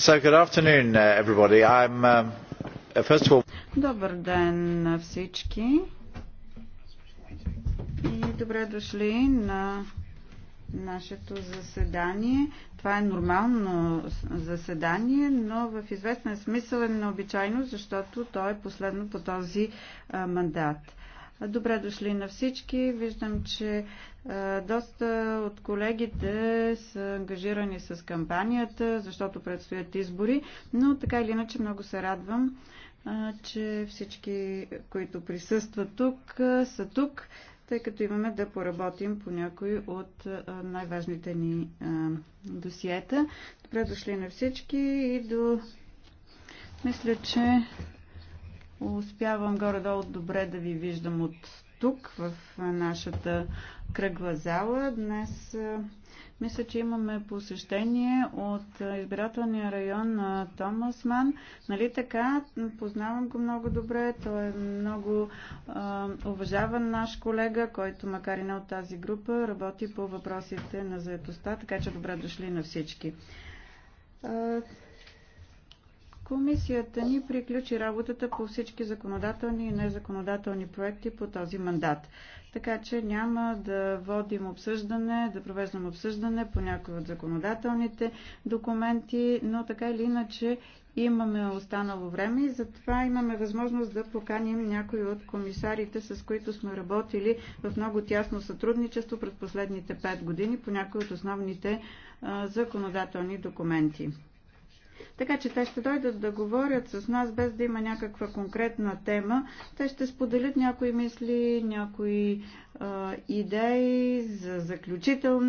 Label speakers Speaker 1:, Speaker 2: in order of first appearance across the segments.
Speaker 1: Uh, uh, uh,
Speaker 2: Добър ден на всички и добре дошли на нашето заседание. Това е нормално заседание, но в известен смисъл е необичайно, защото то е последно по този мандат. Добре дошли на всички. Виждам, че доста от колегите са ангажирани с кампанията, защото предстоят избори, но така или иначе много се радвам, че всички, които присъстват тук, са тук, тъй като имаме да поработим по някои от най-важните ни досиета. Добре дошли на всички и до... Мисля, че Успявам горе-долу добре да ви виждам от тук, в нашата кръгла зала. Днес мисля, че имаме посещение от избирателния район на Ман. Нали така? Познавам го много добре. Той е много а, уважаван наш колега, който макар и не от тази група, работи по въпросите на заедостта, така че добре дошли на всички. Комисията ни приключи работата по всички законодателни и незаконодателни проекти по този мандат. Така че няма да водим обсъждане, да провеждам обсъждане по някои от законодателните документи, но така или иначе имаме останало време и затова имаме възможност да поканим някои от комисарите, с които сме работили в много тясно сътрудничество през последните 5 години по някои от основните законодателни документи. Така че те ще дойдат да говорят с нас, без да има някаква конкретна тема. Те ще споделят някои мисли, някои а, идеи за заключител,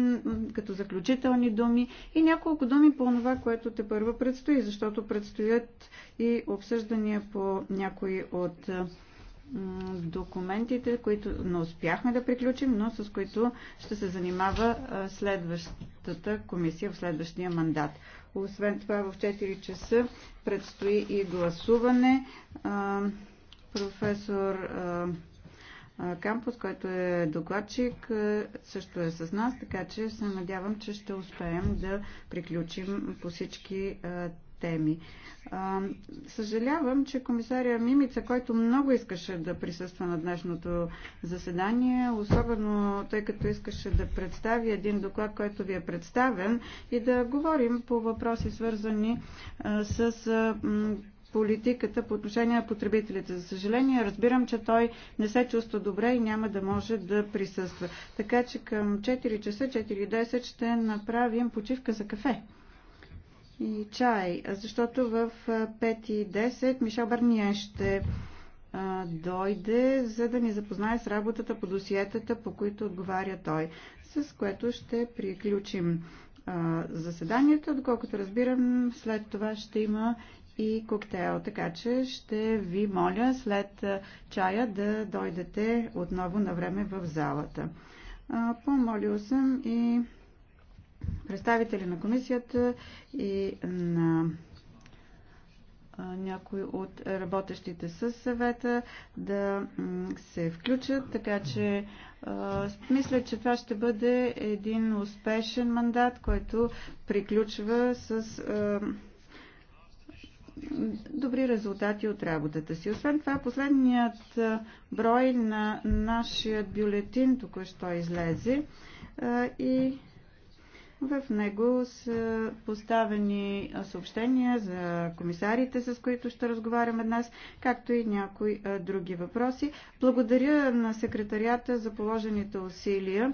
Speaker 2: като заключителни думи и няколко думи по това, което те първо предстои, защото предстоят и обсъждания по някои от документите, които не успяхме да приключим, но с които ще се занимава следващата комисия в следващия мандат. Освен това в 4 часа предстои и гласуване. Професор Кампус, който е докладчик, също е с нас, така че се надявам, че ще успеем да приключим по всички теми. Съжалявам, че комисария Мимица, който много искаше да присъства на днешното заседание, особено тъй като искаше да представи един доклад, който ви е представен и да говорим по въпроси свързани с политиката по отношение на потребителите. За съжаление, разбирам, че той не се чувства добре и няма да може да присъства. Така че към 4 часа, 4.10 ще направим почивка за кафе и чай, защото в 5-10 Мишел Барния ще а, дойде, за да ни запознае с работата по досиетата, по които отговаря той, с което ще приключим а, заседанието. Доколкото разбирам, след това ще има и коктейл. Така че ще ви моля след чая да дойдете отново на време в залата. Помолил съм и представители на комисията и на някои от работещите с съвета да се включат, така че мисля, че това ще бъде един успешен мандат, който приключва с добри резултати от работата си. Освен това, последният брой на нашия бюлетин тук що излезе и в него са поставени съобщения за комисарите, с които ще разговаряме днес, както и някои други въпроси. Благодаря на секретарията за положените усилия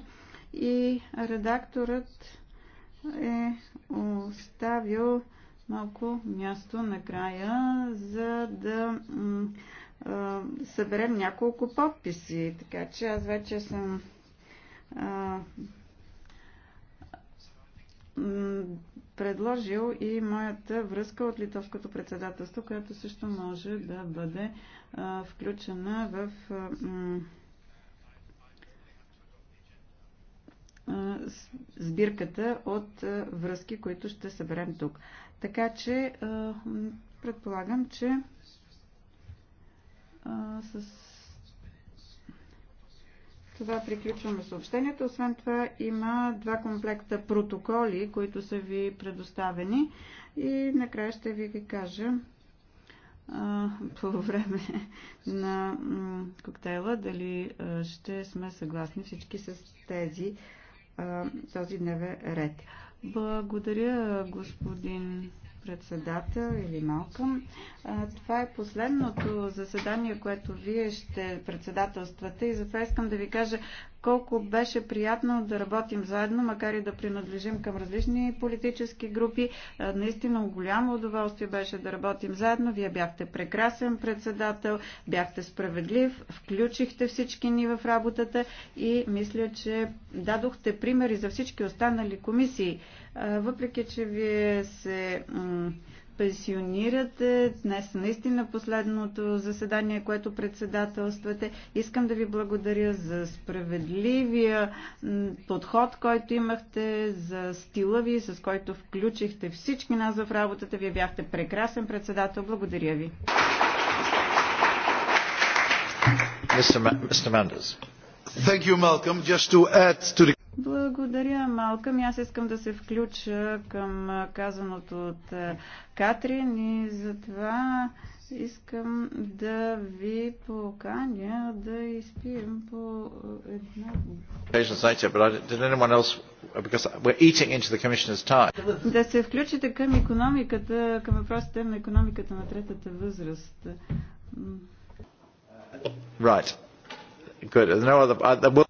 Speaker 2: и редакторът е оставил малко място накрая, за да съберем няколко подписи. Така че аз вече съм предложил и моята връзка от литовското председателство, която също може да бъде а, включена в а, сбирката от а, връзки, които ще съберем тук. Така че предполагам, че с това приключваме съобщението. Освен това има два комплекта протоколи, които са ви предоставени. И накрая ще ви ги кажа по време на коктейла дали ще сме съгласни всички с тези, този дневен ред. Благодаря, господин председател или Малкъм. Това е последното заседание, което вие ще председателствате и затова искам да ви кажа колко беше приятно да работим заедно, макар и да принадлежим към различни политически групи. Наистина голямо удоволствие беше да работим заедно. Вие бяхте прекрасен председател, бяхте справедлив, включихте всички ни в работата и мисля, че дадохте примери за всички останали комисии. Въпреки, че вие се пенсионирате. Днес е наистина последното заседание, което председателствате. Искам да ви благодаря за справедливия подход, който имахте, за стила ви, с който включихте всички нас в работата. Вие бяхте прекрасен председател. Благодаря ви.
Speaker 1: Mr. Mr. Thank you, Malcolm. Just to add to the благодаря,
Speaker 2: Малка. Аз искам да се включа към казаното от Катрин и затова искам да ви поканя да изпием по една... Да се включите към економиката, към въпросите на економиката на третата възраст.
Speaker 1: Right. Good. There's no other... Uh,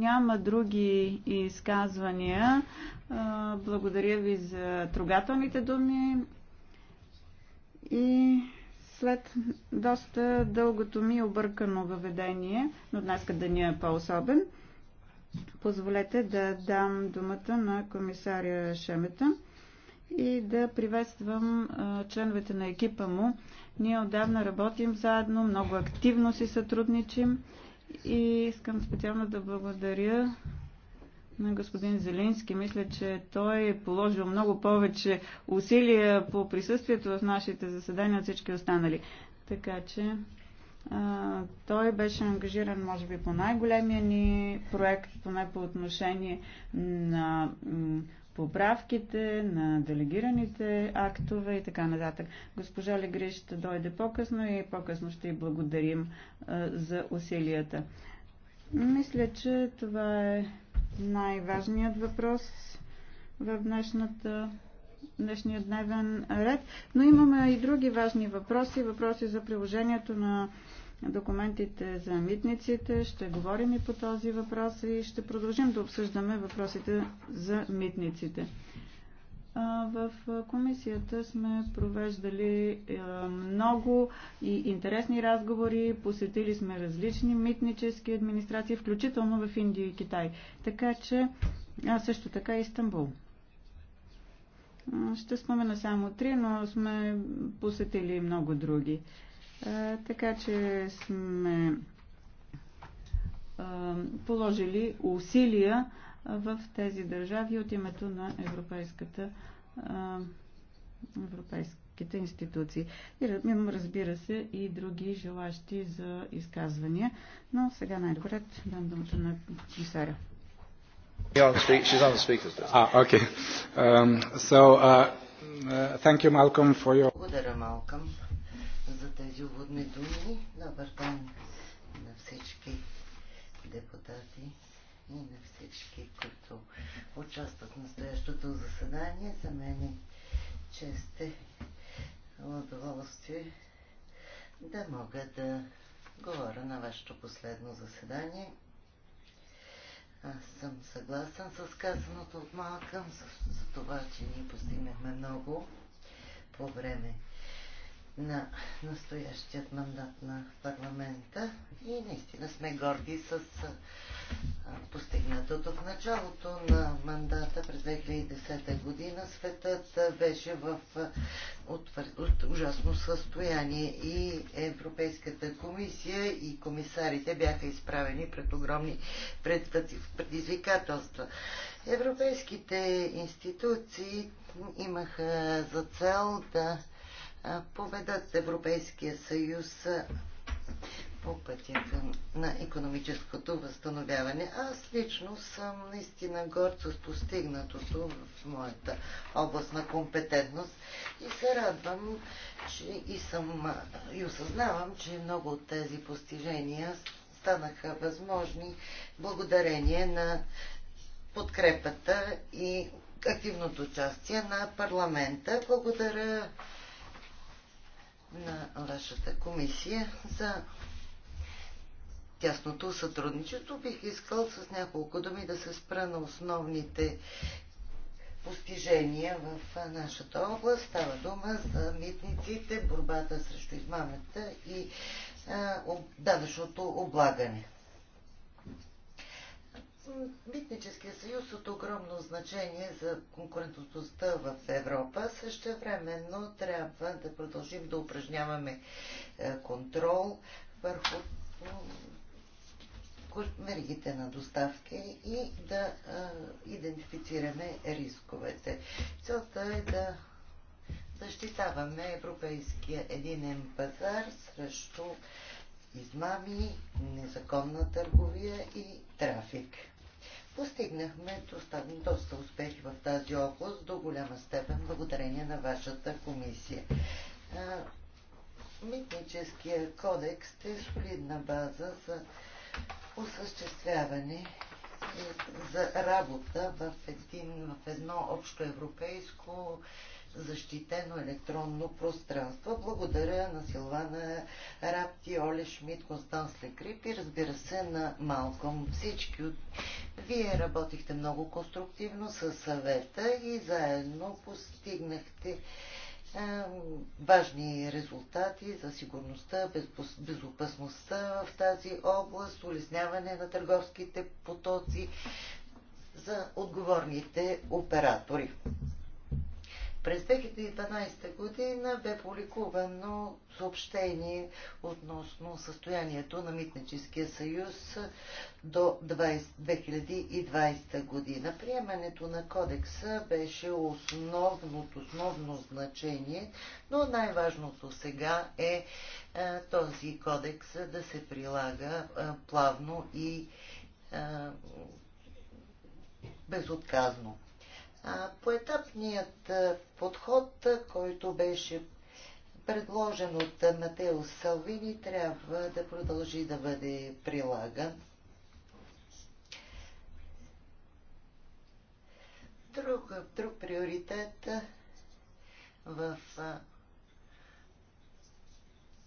Speaker 2: няма други изказвания. Благодаря ви за трогателните думи и след доста дългото ми объркано въведение, но днес ни е по-особен, позволете да дам думата на комисаря Шемета и да приветствам членовете на екипа му. Ние отдавна работим заедно, много активно си сътрудничим и искам специално да благодаря на господин Зелински. Мисля, че той е положил много повече усилия по присъствието в нашите заседания от всички останали. Така че а, той беше ангажиран, може би, по най-големия ни проект, поне по отношение на поправките, на делегираните актове и така нататък. Госпожа Легри ще дойде по-късно и по-късно ще й благодарим за усилията. Мисля, че това е най-важният въпрос в днешната днешния дневен ред, но имаме и други важни въпроси, въпроси за приложението на документите за митниците. Ще говорим и по този въпрос и ще продължим да обсъждаме въпросите за митниците. В комисията сме провеждали е, много и интересни разговори, посетили сме различни митнически администрации, включително в Индия и Китай. Така че, а също така и Истанбул. Ще спомена само три, но сме посетили много други. Е, така че сме а, е, положили усилия в тези държави от името на Европейската, а, е, европейските институции. И имам, разбира се и други желащи за изказвания, но сега най-добре дам думата на комисаря.
Speaker 3: Благодаря, Малком. Your за тези уводни думи. Добър ден на всички депутати и на всички, които участват в настоящото заседание. За мен е чест и удоволствие да мога да говоря на вашето последно заседание. Аз съм съгласен с казаното от малка, за това, че ние постигнахме много по време на настоящият мандат на парламента и наистина сме горди с постигнатото. В началото на мандата през 2010 година светът беше в ужасно състояние и Европейската комисия и комисарите бяха изправени пред огромни предизвикателства. Европейските институции имаха за цел да поведат Европейския съюз по пътя на економическото възстановяване. Аз лично съм наистина горд с постигнатото в моята област на компетентност и се радвам, че и съм и осъзнавам, че много от тези постижения станаха възможни благодарение на подкрепата и активното участие на парламента. Благодаря на вашата комисия за тясното сътрудничество. Бих искал с няколко думи да се спра на основните постижения в нашата област. Става дума за митниците, борбата срещу измамата и данъчното облагане. Митническия съюз от огромно значение за конкурентността в Европа. Също времено трябва да продължим да упражняваме е, контрол върху меригите на доставки и да е, идентифицираме рисковете. Целта е да защитаваме европейския единен пазар срещу измами, незаконна търговия и трафик. Постигнахме доста, доста успехи в тази област, до голяма степен благодарение на вашата комисия. Митническия кодекс е солидна база за осъществяване за работа в, един, в едно общо европейско защитено електронно пространство. Благодаря на Силвана Рапти, Оле Шмидт, Констанс Лекрип и разбира се на Малком. Всички от... Вие работихте много конструктивно със съвета и заедно постигнахте важни резултати за сигурността, безопасността в тази област, улесняване на търговските потоци за отговорните оператори. През 2012 година бе публикувано съобщение относно състоянието на Митническия съюз до 20, 2020 година. Приемането на кодекса беше основно, основно значение, но най-важното сега е а, е, този кодекс да се прилага а, е, плавно и а, е, безотказно. Поетапният подход, който беше предложен от Матео Салвини, трябва да продължи да бъде прилаган. Друг, друг приоритет в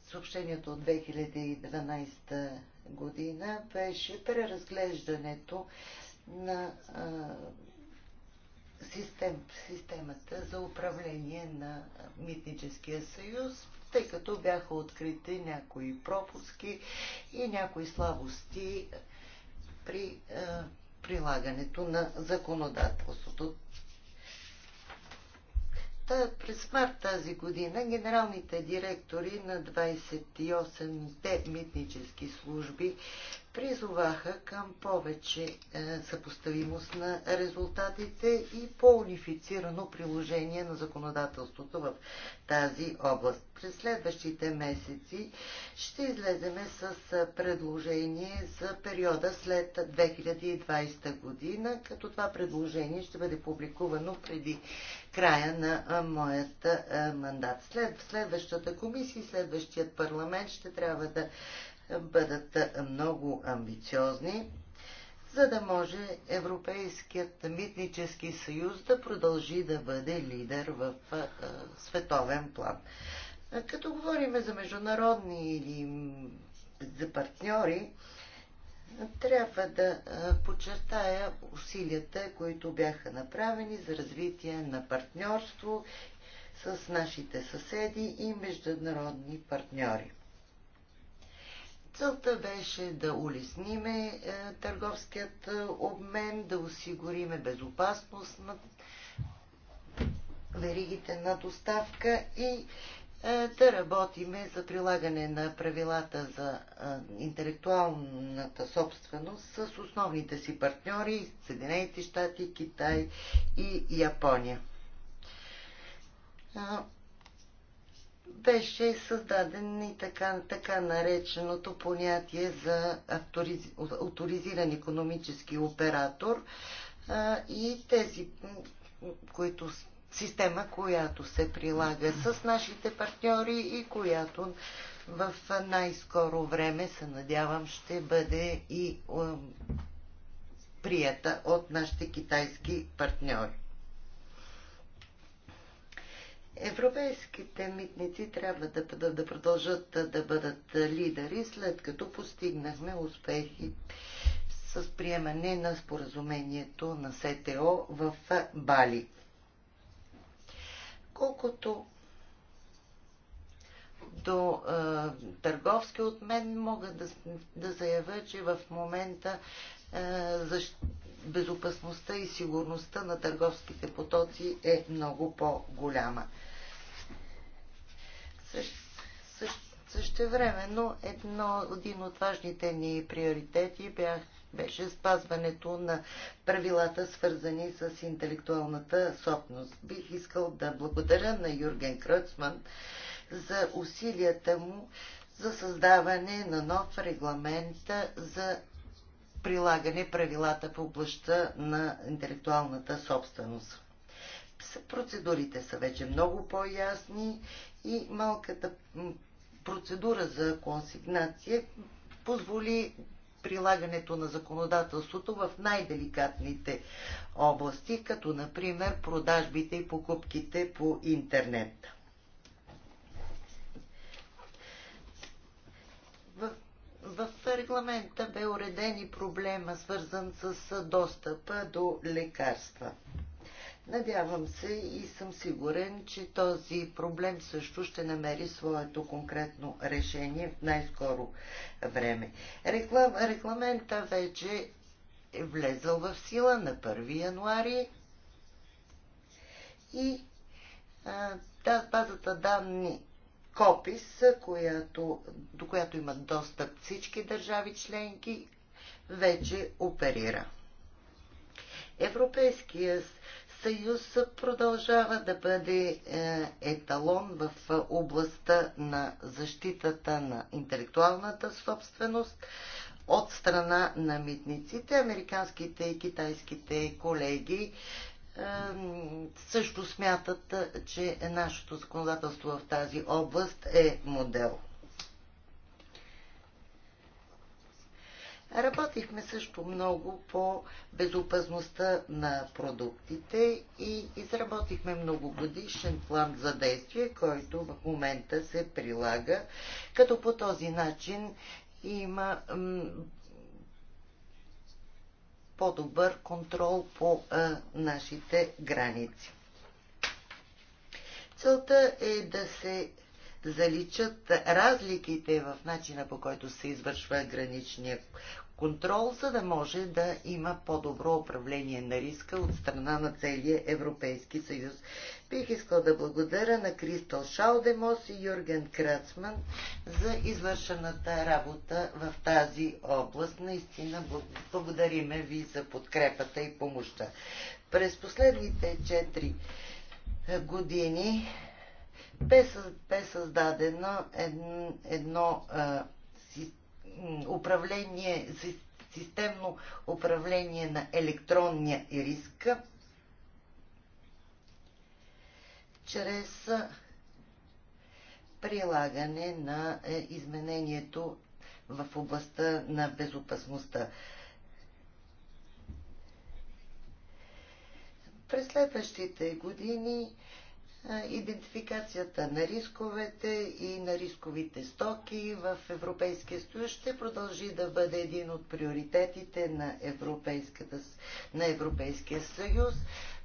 Speaker 3: съобщението от 2012 година беше преразглеждането на систем, системата за управление на Митническия съюз, тъй като бяха открити някои пропуски и някои слабости при е, прилагането на законодателството. Та, през март тази година генералните директори на 28-те митнически служби призоваха към повече е, съпоставимост на резултатите и по-унифицирано приложение на законодателството в тази област. През следващите месеци ще излеземе с е, предложение за периода след 2020 година, като това предложение ще бъде публикувано преди края на е, моят мандат. След следващата комисия и следващият парламент ще трябва да бъдат много амбициозни, за да може Европейският митнически съюз да продължи да бъде лидер в световен план. Като говорим за международни или за партньори, трябва да подчертая усилията, които бяха направени за развитие на партньорство с нашите съседи и международни партньори. Целта беше да улесниме е, търговският е, обмен, да осигуриме безопасност на веригите на доставка и е, да работиме за прилагане на правилата за интелектуалната собственост с основните си партньори Съединените щати, Китай и Япония беше създаден и така, така нареченото понятие за авториз... авторизиран економически оператор а, и тези, които система, която се прилага с нашите партньори и която в най-скоро време, се надявам, ще бъде и прията от нашите китайски партньори. Европейските митници трябва да, да, да продължат да бъдат лидери, след като постигнахме успехи с приемане на споразумението на СТО в Бали. Колкото до е, търговски от мен мога да, да заявя, че в момента е, защ, безопасността и сигурността на търговските потоци е много по-голяма. Също, също, същевременно едно, един от важните ни приоритети бях, беше спазването на правилата, свързани с интелектуалната собственост. Бих искал да благодаря на Юрген Кръцман за усилията му за създаване на нов регламент за прилагане правилата в областта на интелектуалната собственост. Процедурите са вече много по-ясни и малката процедура за консигнация позволи прилагането на законодателството в най-деликатните области, като например продажбите и покупките по интернет. регламента бе уреден и проблема, свързан с достъпа до лекарства. Надявам се и съм сигурен, че този проблем също ще намери своето конкретно решение в най-скоро време. Реклам, рекламента вече е влезъл в сила на 1 януари и а, базата данни Копис, която, до която имат достъп всички държави членки, вече оперира. Европейския съюз продължава да бъде е, еталон в областта на защитата на интелектуалната собственост от страна на митниците. Американските и китайските колеги също смятат, че нашето законодателство в тази област е модел. Работихме също много по безопасността на продуктите и изработихме многогодишен план за действие, който в момента се прилага, като по този начин има по-добър контрол по а, нашите граници. Целта е да се заличат разликите в начина по който се извършва граничния контрол, за да може да има по-добро управление на риска от страна на целия Европейски съюз. Бих искал да благодаря на Кристал Шалдемос и Юрген Крацман за извършената работа в тази област. Наистина благодариме ви за подкрепата и помощта. През последните 4 е, години бе, създадено едно, едно управление, системно управление на електронния риск чрез прилагане на е, изменението в областта на безопасността. През следващите години идентификацията на рисковете и на рисковите стоки в Европейския съюз ще продължи да бъде един от приоритетите на, на Европейския съюз,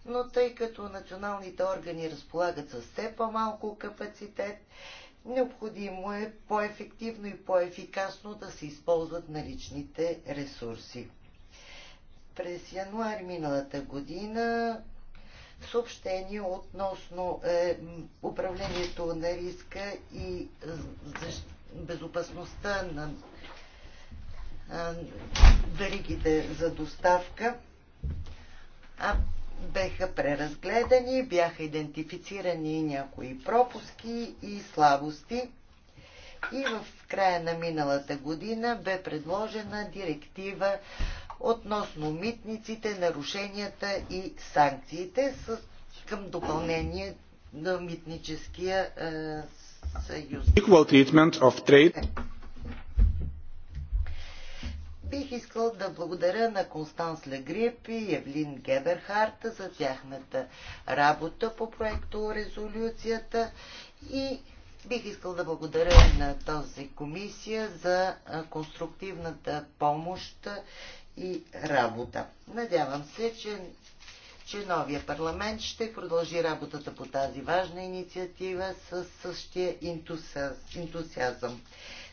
Speaker 3: но тъй като националните органи разполагат с все по-малко капацитет, необходимо е по-ефективно и по-ефикасно да се използват наличните ресурси. През януари миналата година съобщение относно е, управлението на риска и е, безопасността на е, за доставка а, беха преразгледани, бяха идентифицирани някои пропуски и слабости и в края на миналата година бе предложена директива относно митниците, нарушенията и санкциите с, към допълнение на митническия е, съюз. Бих искал да благодаря на Констанс Легрип и Евлин Геберхарт за тяхната работа по проекто резолюцията и бих искал да благодаря на този комисия за конструктивната помощ и работа. Надявам се, че, че новия парламент ще продължи работата по тази важна инициатива с същия ентусиазъм.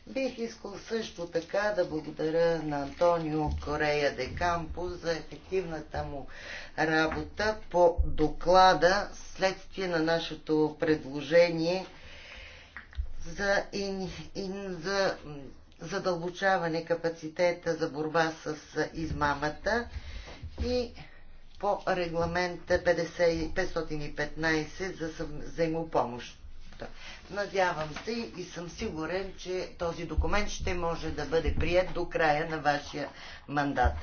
Speaker 3: Бих искал също така да благодаря на Антонио Корея де Кампо за ефективната му работа по доклада следствие на нашето предложение за, ин, ин, за задълбочаване капацитета за борба с измамата и по регламент 515 за взаимопомощ. Надявам се и съм сигурен, че този документ ще може да бъде прият до края на вашия мандат.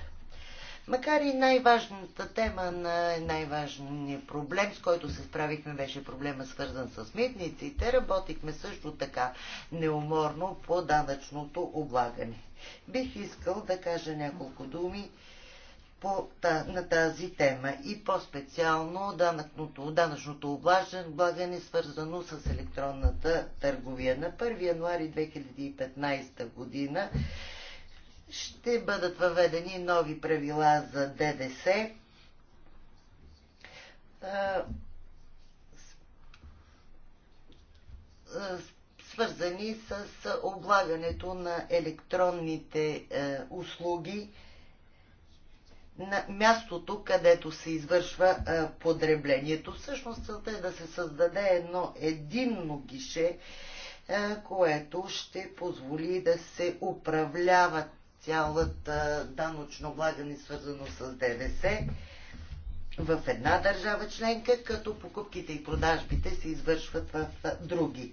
Speaker 3: Макар и най-важната тема на най-важния проблем, с който се справихме, беше проблема свързан с митниците, работихме също така неуморно по данъчното облагане. Бих искал да кажа няколко думи по, та, на тази тема и по-специално данъчното, данъчното облагане, свързано с електронната търговия. На 1 януари 2015 година ще бъдат въведени нови правила за ДДС. свързани с облагането на електронните е, услуги на мястото, където се извършва е, подреблението. Всъщност целта е да се създаде едно единно гише, е, което ще позволи да се управляват цялата данъчно облагане, свързано с ДДС в една държава членка, като покупките и продажбите се извършват в други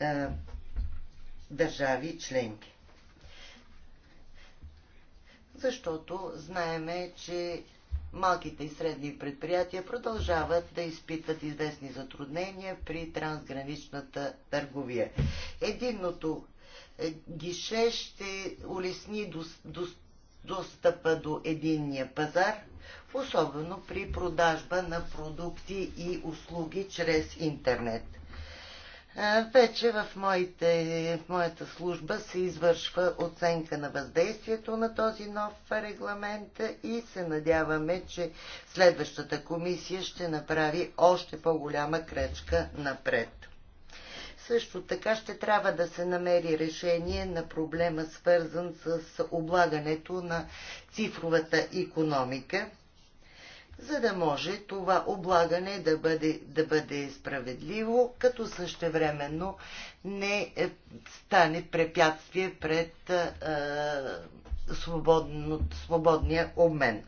Speaker 3: е, държави членки. Защото знаеме, че малките и средни предприятия продължават да изпитват известни затруднения при трансграничната търговия. Единното е, гише ще улесни достъпа до единния пазар, особено при продажба на продукти и услуги чрез интернет. Е, вече в, моите, в моята служба се извършва оценка на въздействието на този нов регламент и се надяваме, че следващата комисия ще направи още по-голяма крачка напред. Също така ще трябва да се намери решение на проблема свързан с облагането на цифровата економика, за да може това облагане да бъде, да бъде справедливо, като същевременно не е, стане препятствие пред е, свободен, свободния обмен.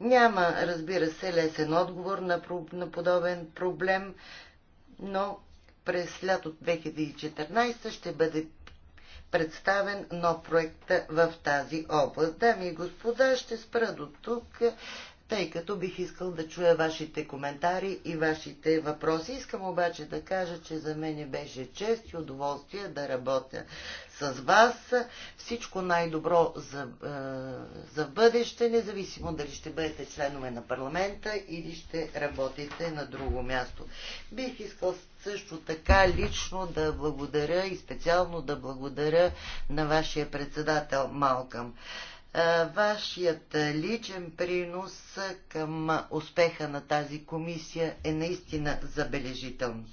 Speaker 3: Няма, разбира се, лесен отговор на, на подобен проблем, но през лято 2014 ще бъде представен нов проект в тази област. Дами и господа, ще спра до тук тъй като бих искал да чуя вашите коментари и вашите въпроси. Искам обаче да кажа, че за мен беше чест и удоволствие да работя с вас. Всичко най-добро за, е, за бъдеще, независимо дали ще бъдете членове на парламента или ще работите на друго място. Бих искал също така лично да благодаря и специално да благодаря на вашия председател Малкам. Вашият личен принос към успеха на тази комисия е наистина забележителен.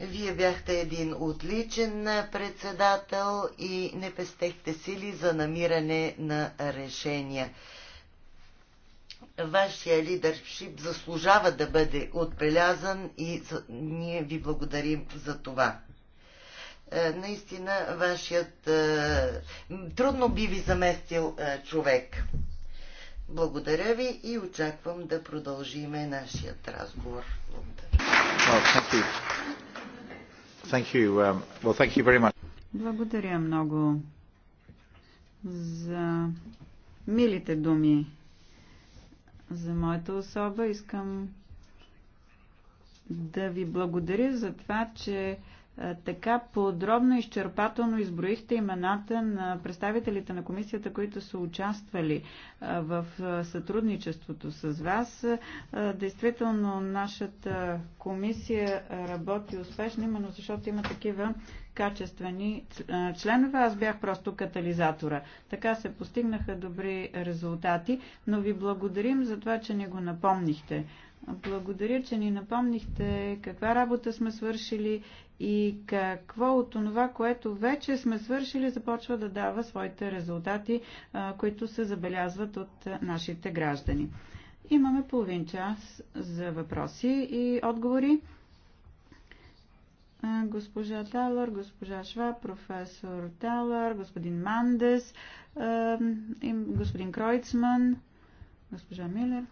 Speaker 3: Вие бяхте един отличен председател и не пестехте сили за намиране на решения. Вашия лидершип заслужава да бъде отбелязан и ние ви благодарим за това. Е, наистина вашият е, трудно би ви заместил е, човек. Благодаря ви и очаквам да продължиме нашият разговор. Благодаря.
Speaker 1: Um,
Speaker 2: благодаря много за милите думи за моята особа. Искам да ви благодаря за това, че е, така подробно и изчерпателно изброихте имената на представителите на комисията, които са участвали е, в е, сътрудничеството с вас. Действително, нашата комисия работи успешно, именно защото има такива качествени членове. Аз бях просто катализатора. Така се постигнаха добри резултати, но ви благодарим за това, че ни го напомнихте. Благодаря, че ни напомнихте каква работа сме свършили и какво от това, което вече сме свършили, започва да дава своите резултати, които се забелязват от нашите граждани. Имаме половин час за въпроси и отговори. Госпожа Талър, госпожа Шва, професор Талър, господин Мандес, господин Кройцман, госпожа Милер.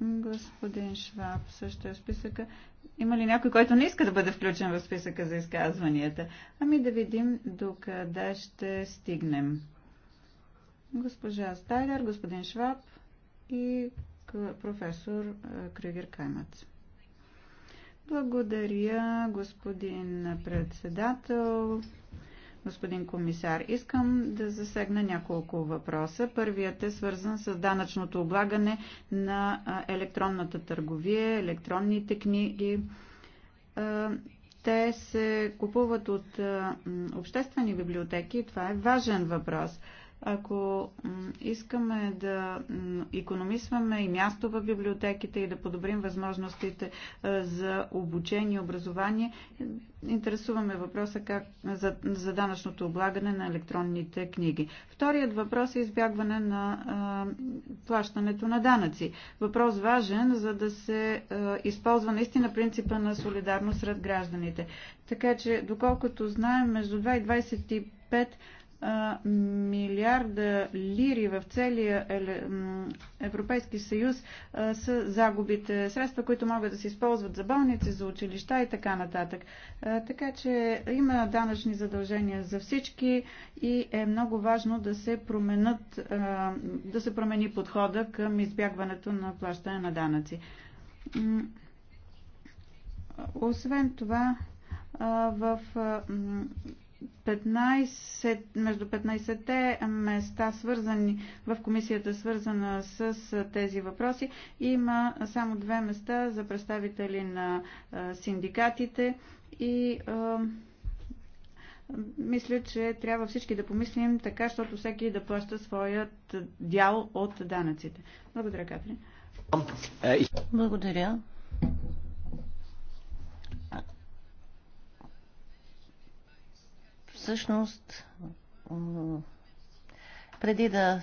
Speaker 2: Господин Шваб също е в списъка. Има ли някой, който не иска да бъде включен в списъка за изказванията? Ами да видим докъде ще стигнем. Госпожа Стайлер, господин Шваб и професор е, Крюгер Каймац. Благодаря, господин председател господин комисар. Искам да засегна няколко въпроса. Първият е свързан с данъчното облагане на електронната търговия, електронните книги. Те се купуват от обществени библиотеки това е важен въпрос. Ако искаме да економисваме и място в библиотеките и да подобрим възможностите е, за обучение и образование, интересуваме въпроса как, за, за данъчното облагане на електронните книги. Вторият въпрос е избягване на а, е, плащането на данъци. Въпрос важен, за да се а, е, използва наистина принципа на солидарност сред гражданите. Така че, доколкото знаем, между 2 и 25 милиарда лири в целия Европейски съюз са загубите, средства, които могат да се използват за болници, за училища и така нататък. Така че има данъчни задължения за всички и е много важно да се, променят, да се промени подхода към избягването на плащане на данъци. Освен това, в 15, между 15-те места, свързани в комисията, свързана с тези въпроси, има само две места за представители на синдикатите и а, мисля, че трябва всички да помислим така, защото всеки да плаща своят дял от данъците. Благодаря, Катрин.
Speaker 4: Благодаря. Всъщност, преди да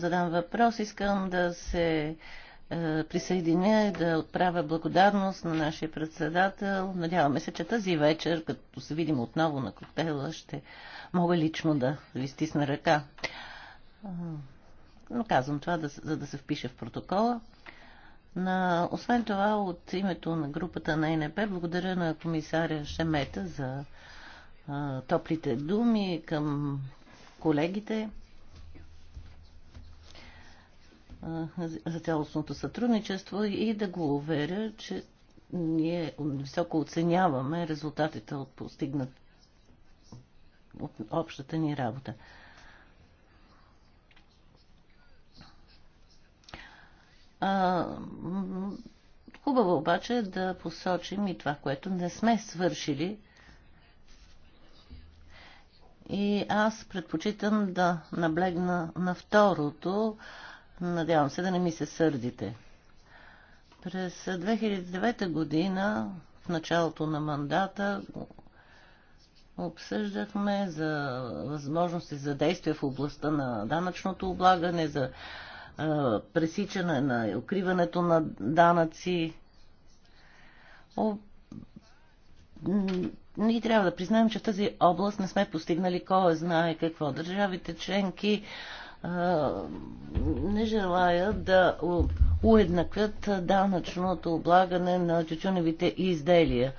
Speaker 4: задам въпрос, искам да се присъединя и да отправя благодарност на нашия председател. Надяваме се, че тази вечер, като се видим отново на коктейла, ще мога лично да ви стисна ръка. Но казвам това, за да се впише в протокола. На, освен това, от името на групата на НП, благодаря на комисаря Шемета за топлите думи към колегите за цялостното сътрудничество и да го уверя, че ние високо оценяваме резултатите от постигнат от общата ни работа. А, хубаво обаче е да посочим и това, което не сме свършили и аз предпочитам да наблегна на второто. Надявам се да не ми се сърдите. През 2009 година, в началото на мандата, обсъждахме за възможности за действие в областта на данъчното облагане, за пресичане на укриването на данъци. Ние трябва да признаем, че в тази област не сме постигнали кой знае какво. Държавите членки не желаят да уеднаквят данъчното облагане на тютюневите изделия.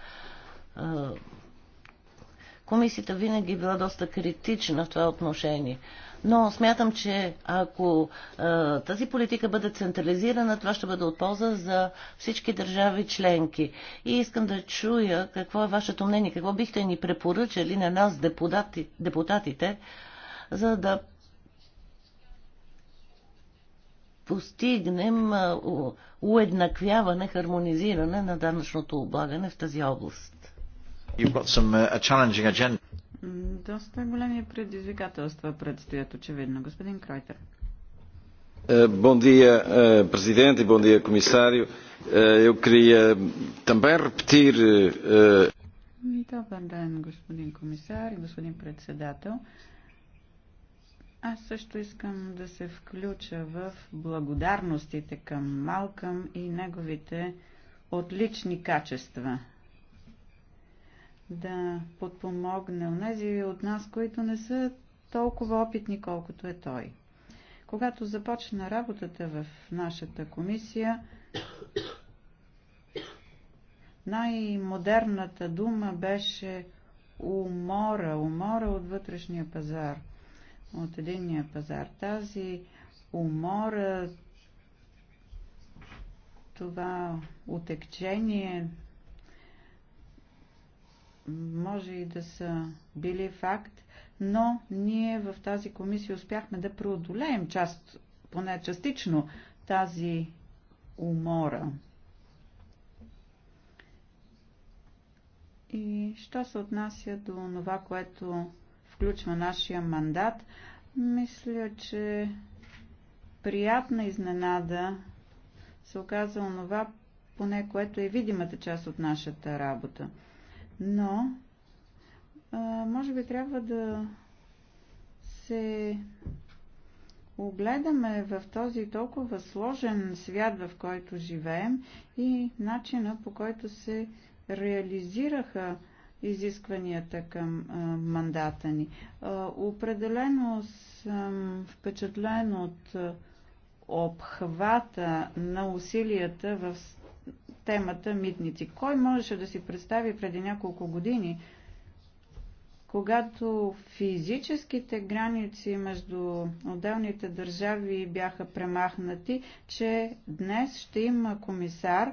Speaker 4: Комисията винаги е била доста критична в това отношение. Но смятам, че ако а, тази политика бъде централизирана, това ще бъде от полза за всички държави членки. И искам да чуя какво е вашето мнение, какво бихте ни препоръчали на нас, депутати, депутатите, за да постигнем уеднаквяване, хармонизиране на данъчното облагане в тази област.
Speaker 1: You've got some, uh, a challenging agenda.
Speaker 2: Доста големи предизвикателства предстоят очевидно. Господин Кройтер.
Speaker 1: Bom dia, Presidente, bom dia, Comissário. Eu queria também repetir.
Speaker 2: Muito ден, господин комисар и господин председател. Аз също искам да се включа в благодарностите към Малкъм и неговите отлични качества да подпомогне онези от нас, които не са толкова опитни, колкото е той. Когато започна работата в нашата комисия, най-модерната дума беше умора, умора от вътрешния пазар, от единния пазар. Тази умора, това отекчение може и да са били факт, но ние в тази комисия успяхме да преодолеем част, поне частично, тази умора. И що се отнася до това, което включва нашия мандат, мисля, че приятна изненада се оказа онова, поне което е видимата част от нашата работа – но а, може би трябва да се огледаме в този толкова сложен свят, в който живеем и начина по който се реализираха изискванията към а, мандата ни. А, определено съм впечатлен от а, обхвата на усилията в темата митници. Кой можеше да си представи преди няколко години, когато физическите граници между отделните държави бяха премахнати, че днес ще има комисар,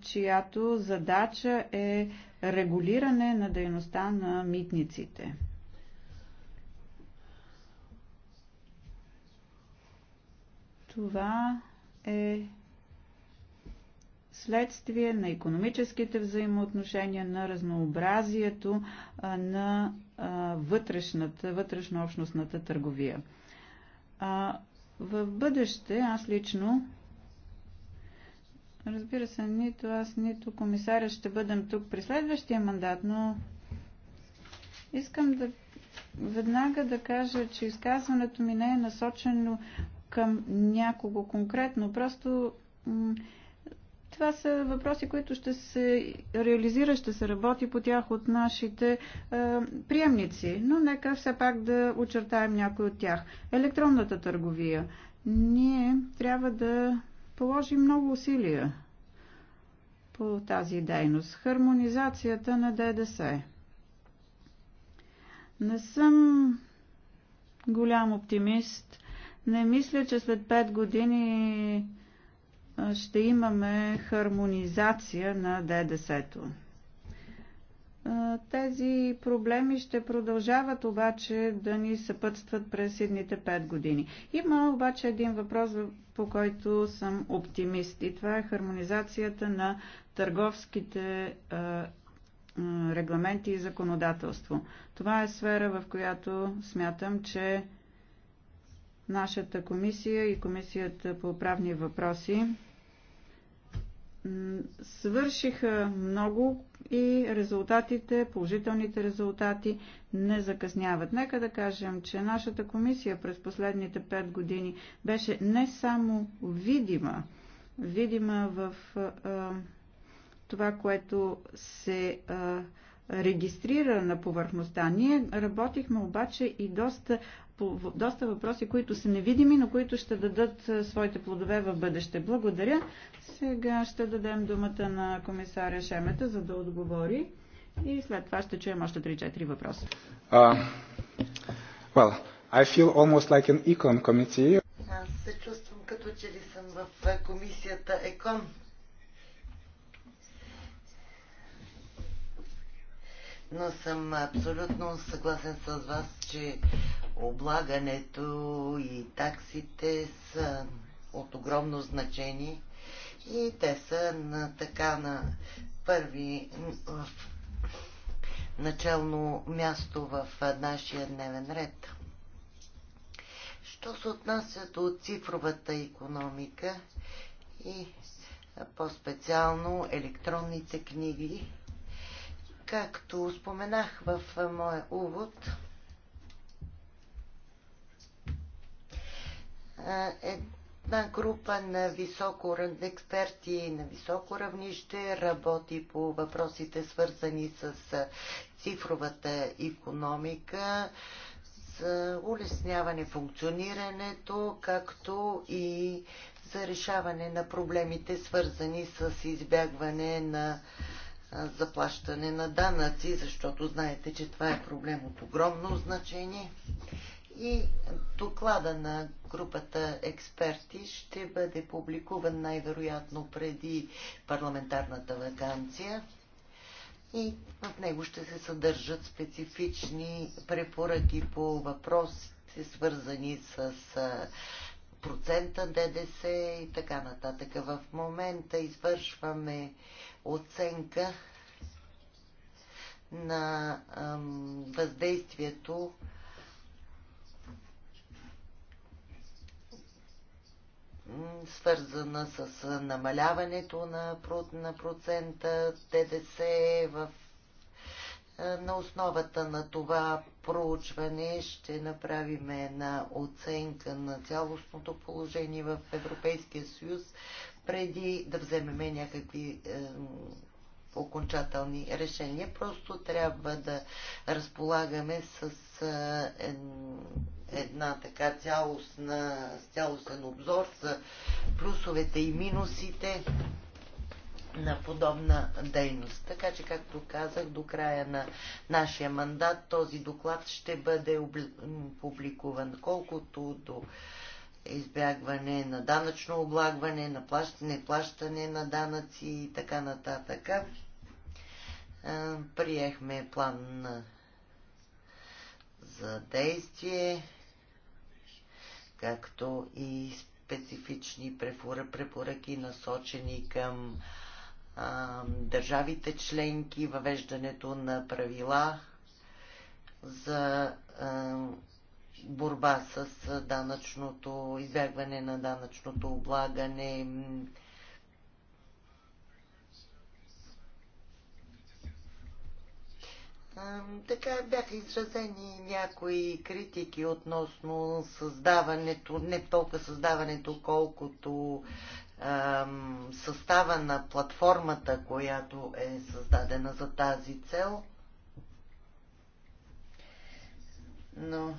Speaker 2: чиято задача е регулиране на дейността на митниците. Това е следствие на економическите взаимоотношения, на разнообразието на вътрешната, вътрешнообщностната търговия. В бъдеще аз лично Разбира се, нито аз, нито комисаря ще бъдем тук при следващия мандат, но искам да веднага да кажа, че изказването ми не е насочено към някого конкретно. Просто това са въпроси, които ще се реализира, ще се работи по тях от нашите е, приемници, но нека все пак да очертаем някой от тях. Електронната търговия. Ние трябва да положим много усилия по тази дейност. Хармонизацията на ДДС. Не съм голям оптимист. Не мисля, че след 5 години ще имаме хармонизация на ДДС-то. Тези проблеми ще продължават обаче да ни съпътстват през едните 5 години. Има обаче един въпрос, по който съм оптимист и това е хармонизацията на търговските регламенти и законодателство. Това е сфера, в която смятам, че нашата комисия и комисията по правни въпроси свършиха много и резултатите, положителните резултати не закъсняват. Нека да кажем, че нашата комисия през последните 5 години беше не само видима, видима в а, това, което се а, регистрира на повърхността. Ние работихме обаче и доста по доста въпроси, които са невидими, но които ще дадат е, своите плодове в бъдеще. Благодаря. Сега ще дадем думата на комисаря Шемета, за да отговори. И след това ще чуем още 3-4 въпроса.
Speaker 4: Uh, well, I feel almost like an econ committee. Аз
Speaker 3: се чувствам като че ли съм в е, комисията ЕКОН. но съм абсолютно съгласен с вас, че облагането и таксите са от огромно значение и те са на така на първи начално място в нашия дневен ред. Що се отнася до цифровата економика и по-специално електронните книги, както споменах в моя увод, една група на високо експерти на високо равнище работи по въпросите свързани с цифровата економика, с улесняване функционирането, както и за решаване на проблемите свързани с избягване на заплащане на данъци, защото знаете, че това е проблем от огромно значение и доклада на групата експерти ще бъде публикуван най-вероятно преди парламентарната вакансия и в него ще се съдържат специфични препоръки по въпросите, свързани с процента ДДС и така нататък. В момента извършваме оценка на въздействието свързана с намаляването на, процента ТДС в е, на основата на това проучване ще направим една оценка на цялостното положение в Европейския съюз, преди да вземеме някакви е, окончателни решения. Просто трябва да разполагаме с е, е, една така цялостна, цялостен обзор за плюсовете и минусите на подобна дейност. Така че, както казах, до края на нашия мандат този доклад ще бъде публикуван. Колкото до избягване на данъчно облагване, на плащане, плащане на данъци и така нататък, приехме план за действие както и специфични препоръки, насочени към а, държавите членки, въвеждането на правила за а, борба с данъчното, избягване на данъчното облагане, така бяха изразени някои критики относно създаването, не толкова създаването, колкото ем, състава на платформата, която е създадена за тази цел. Но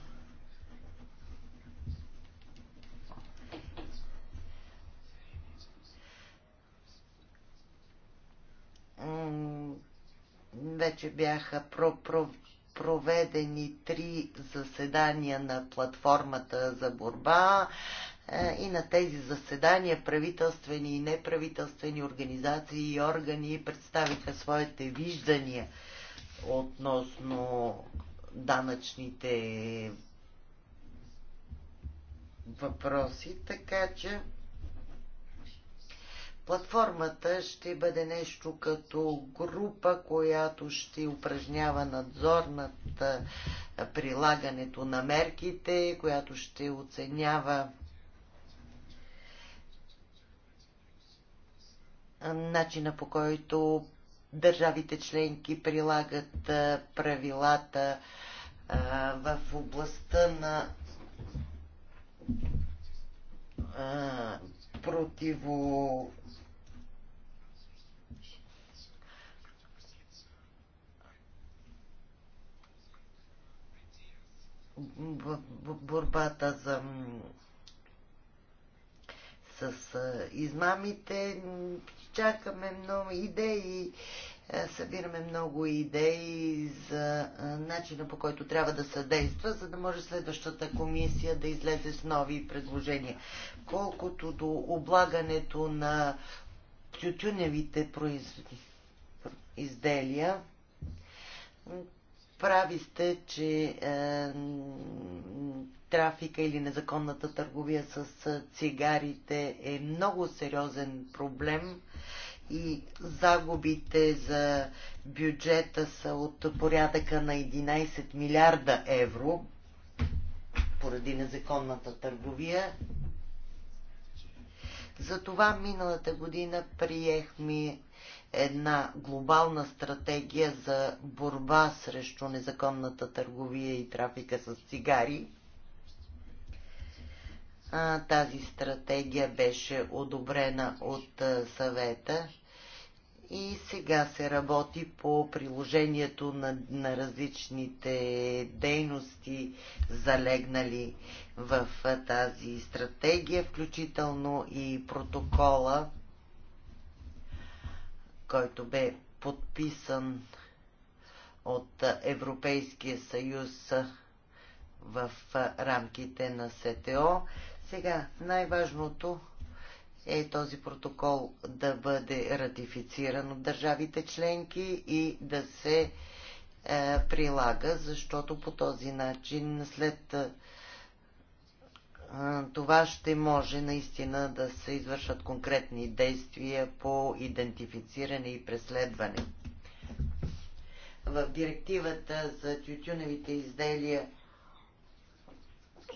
Speaker 3: м- вече бяха про, про, проведени три заседания на платформата за борба е, и на тези заседания правителствени и неправителствени организации и органи представиха своите виждания относно данъчните въпроси, така че Платформата ще бъде нещо като група, която ще упражнява надзор над прилагането на мерките, която ще оценява начина по който държавите членки прилагат правилата в областта на противо борбата за с измамите. Чакаме много идеи, събираме много идеи за начина по който трябва да се действа, за да може следващата комисия да излезе с нови предложения. Колкото до облагането на тютюневите произ... изделия, прави сте, че е, трафика или незаконната търговия с е, цигарите е много сериозен проблем и загубите за бюджета са от порядъка на 11 милиарда евро поради незаконната търговия. Затова миналата година приехме една глобална стратегия за борба срещу незаконната търговия и трафика с цигари. А, тази стратегия беше одобрена от а, съвета и сега се работи по приложението на, на различните дейности, залегнали в а, тази стратегия, включително и протокола който бе подписан от Европейския съюз в рамките на СТО. Сега най-важното е този протокол да бъде ратифициран от държавите членки и да се е, прилага, защото по този начин след това ще може наистина да се извършат конкретни действия по идентифициране и преследване. В директивата за тютюневите изделия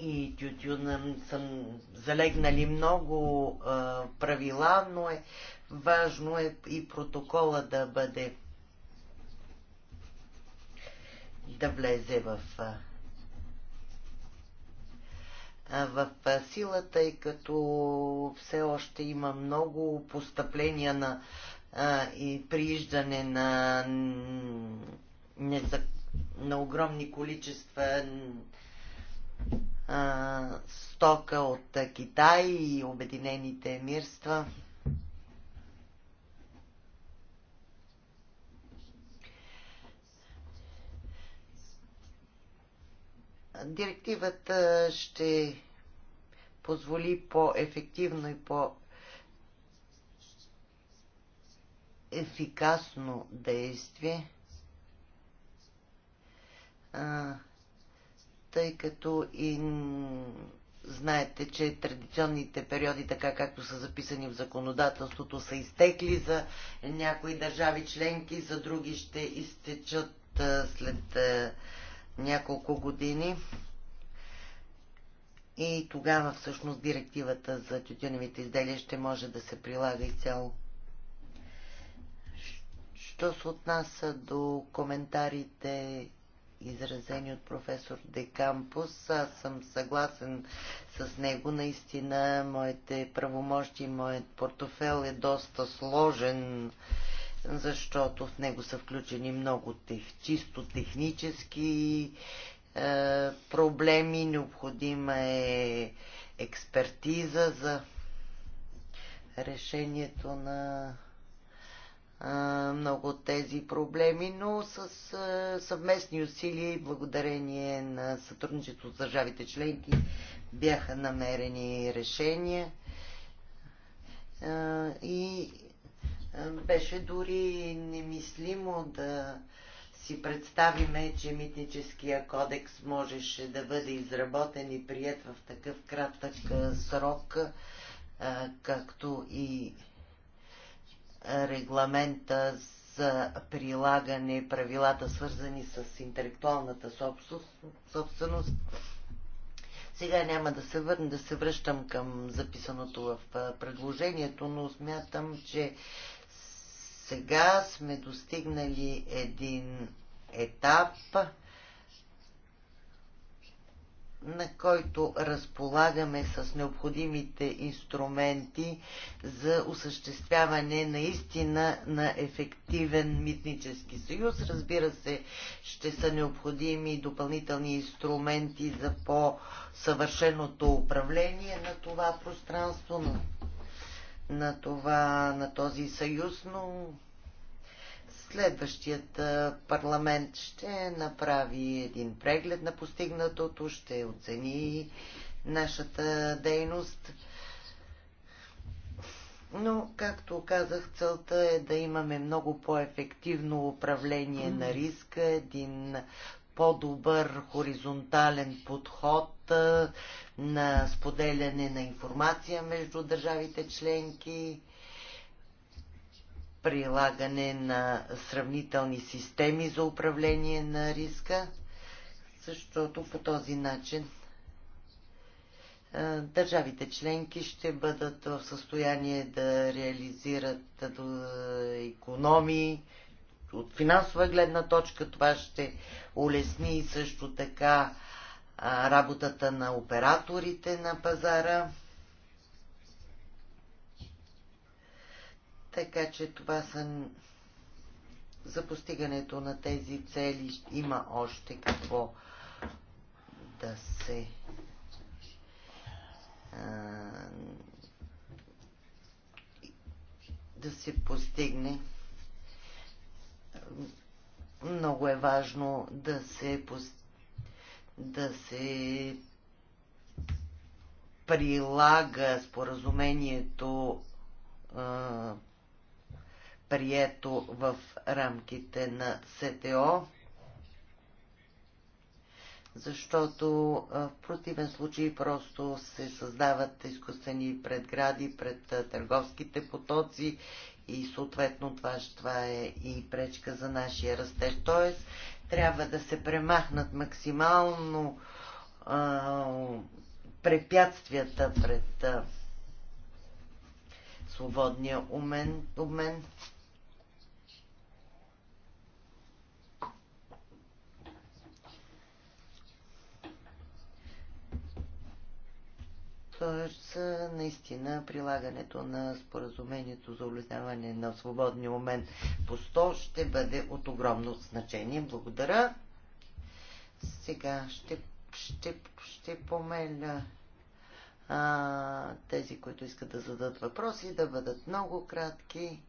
Speaker 3: и тютюна са залегнали много а, правила, но е важно е и протокола да бъде да влезе в а, в сила, тъй като все още има много постъпления на а, и прииждане на, незак... на огромни количества а, стока от Китай и Обединените емирства. Директивата ще позволи по-ефективно и по- ефикасно действие, тъй като и знаете, че традиционните периоди, така както са записани в законодателството, са изтекли за някои държави членки, за други ще изтечат след няколко години. И тогава всъщност директивата за тютюневите изделия ще може да се прилага изцяло. Що се отнася до коментарите, изразени от професор Декампус, аз съм съгласен с него. Наистина, моите правомощи, моят портофел е доста сложен защото в него са включени много тех, чисто технически е, проблеми, необходима е експертиза за решението на е, много от тези проблеми, но с е, съвместни усилия и благодарение на сътрудничество с държавите членки бяха намерени решения е, и беше дори немислимо да си представиме, че митническия кодекс можеше да бъде изработен и прият в такъв кратък срок, както и регламента за прилагане правилата, свързани с интелектуалната собственост. Сега няма да се върна, да се връщам към записаното в предложението, но смятам, че сега сме достигнали един етап, на който разполагаме с необходимите инструменти за осъществяване наистина на ефективен митнически съюз. Разбира се, ще са необходими допълнителни инструменти за по-съвършеното управление на това пространство, на на, това, на този съюз, но следващият парламент ще направи един преглед на постигнатото, ще оцени нашата дейност. Но, както казах, целта е да имаме много по-ефективно управление на риска, един по-добър хоризонтален подход на споделяне на информация между държавите членки, прилагане на сравнителни системи за управление на риска, защото по този начин държавите членки ще бъдат в състояние да реализират економии, от финансова гледна точка това ще улесни също така а, работата на операторите на пазара. Така че това са за постигането на тези цели има още какво да се а, да се постигне много е важно да се, да се прилага споразумението а, прието в рамките на СТО, защото в противен случай просто се създават изкуствени предгради пред търговските потоци и съответно това, това е и пречка за нашия растеж. Тоест, трябва да се премахнат максимално а, препятствията пред а, свободния умен, обмен. обмен. т.е. наистина прилагането на споразумението за улесняване на свободния момент по 100 ще бъде от огромно значение. Благодаря. Сега ще, ще, ще помеля а, тези, които искат да зададат въпроси, да бъдат много кратки.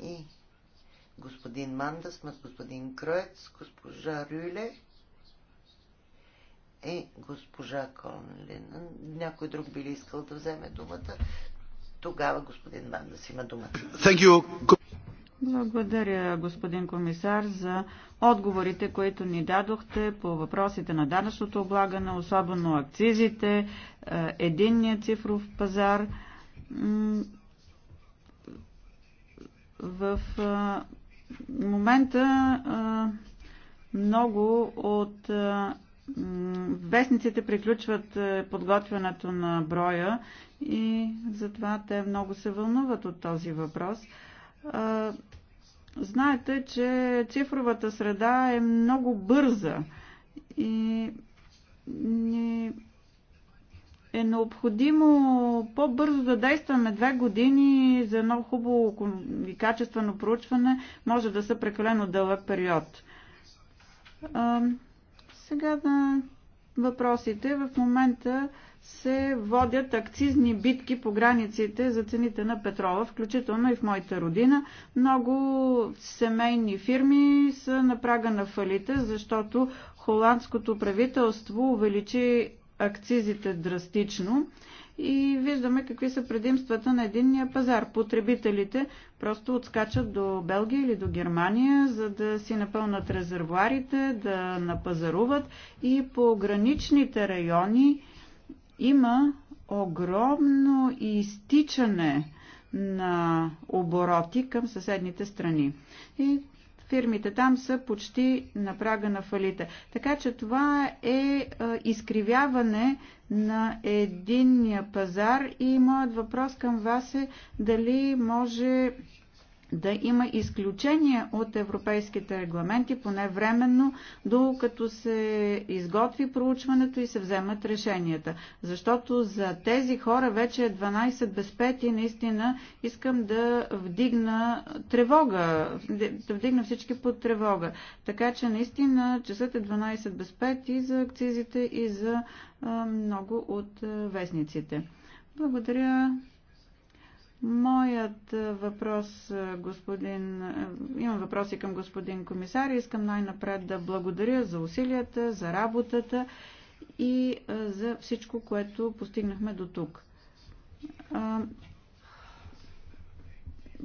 Speaker 3: И господин Мандас, господин Кроец, госпожа Рюле и госпожа Конлин. Някой друг би ли искал да вземе думата? Тогава господин Мандас има думата. Thank you.
Speaker 2: Благодаря, господин комисар, за отговорите, които ни дадохте по въпросите на данъчното облагане, особено акцизите, е, единния цифров пазар. В момента много от вестниците приключват е, подготвянето на броя и затова те много се вълнуват от този въпрос. Знаете, че цифровата среда е много бърза и ни е необходимо по-бързо да действаме две години за едно хубаво и качествено проучване, може да са прекалено дълъг период. Сега на въпросите. В момента се водят акцизни битки по границите за цените на петрола, включително и в моята родина. Много семейни фирми са на прага на фалите, защото холандското правителство увеличи акцизите драстично и виждаме какви са предимствата на единния пазар. Потребителите просто отскачат до Белгия или до Германия, за да си напълнат резервуарите, да напазаруват и по граничните райони има огромно изтичане на обороти към съседните страни. И фирмите там са почти на прага на фалита. Така че това е изкривяване на единния пазар и моят въпрос към вас е дали може да има изключения от европейските регламенти, поне временно, докато се изготви проучването и се вземат решенията. Защото за тези хора вече е 12 без 5 и наистина искам да вдигна тревога, да вдигна всички под тревога. Така че наистина часът е 12 без 5 и за акцизите, и за много от вестниците. Благодаря. Моят е, въпрос, е, господин, е, имам въпроси към господин комисар. и Искам най-напред да благодаря за усилията, за работата и за всичко, което постигнахме до тук.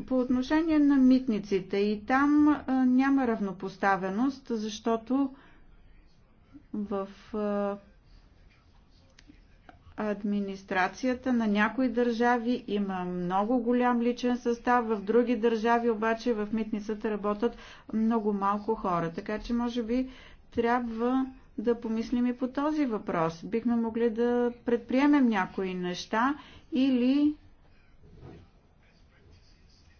Speaker 2: По отношение на митниците и там няма равнопоставеност, защото в администрацията на някои държави има много голям личен състав, в други държави обаче в митницата работят много малко хора. Така че може би трябва да помислим и по този въпрос. Бихме могли да предприемем някои неща или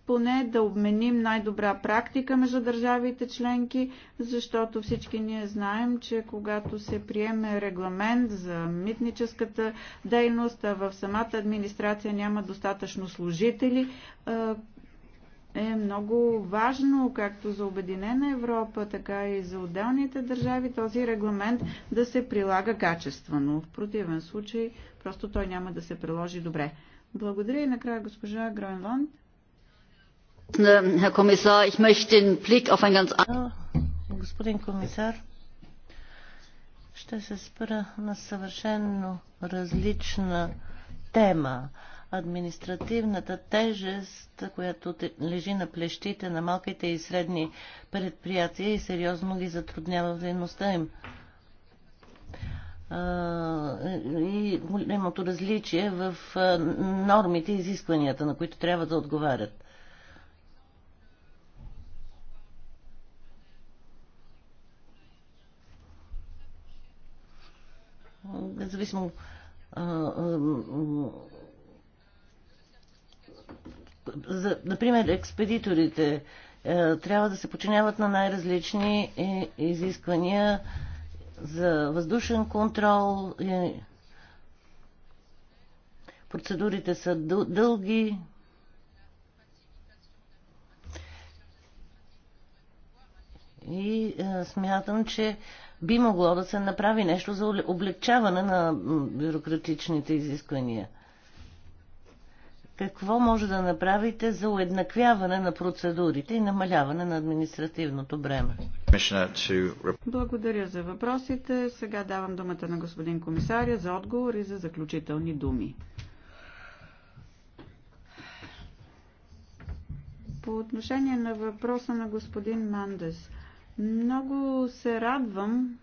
Speaker 2: поне да обменим най-добра практика между държавите членки, защото всички ние знаем, че когато се приеме регламент за митническата дейност, а в самата администрация няма достатъчно служители, е много важно, както за Обединена Европа, така и за отделните държави, този регламент да се прилага качествено. В противен случай, просто той няма да се приложи добре. Благодаря и накрая госпожа Гройнланд.
Speaker 4: Herr Kommissar, ich möchte den Blick auf ein ganz Господин комисар, ще се спра на съвършенно различна тема. Административната тежест, която лежи на плещите на малките и средни предприятия и сериозно ги затруднява в им. И голямото различие в нормите и изискванията, на които трябва да отговарят. независимо за, например, експедиторите е, трябва да се починяват на най-различни е, изисквания за въздушен контрол. Е, процедурите са дълги. И е, смятам, че би могло да се направи нещо за облегчаване на бюрократичните изисквания. Какво може да направите за уеднаквяване на процедурите и намаляване на административното бреме?
Speaker 2: Благодаря за въпросите. Сега давам думата на господин комисаря за отговор и за заключителни думи. По отношение на въпроса на господин Мандес, много се радвам,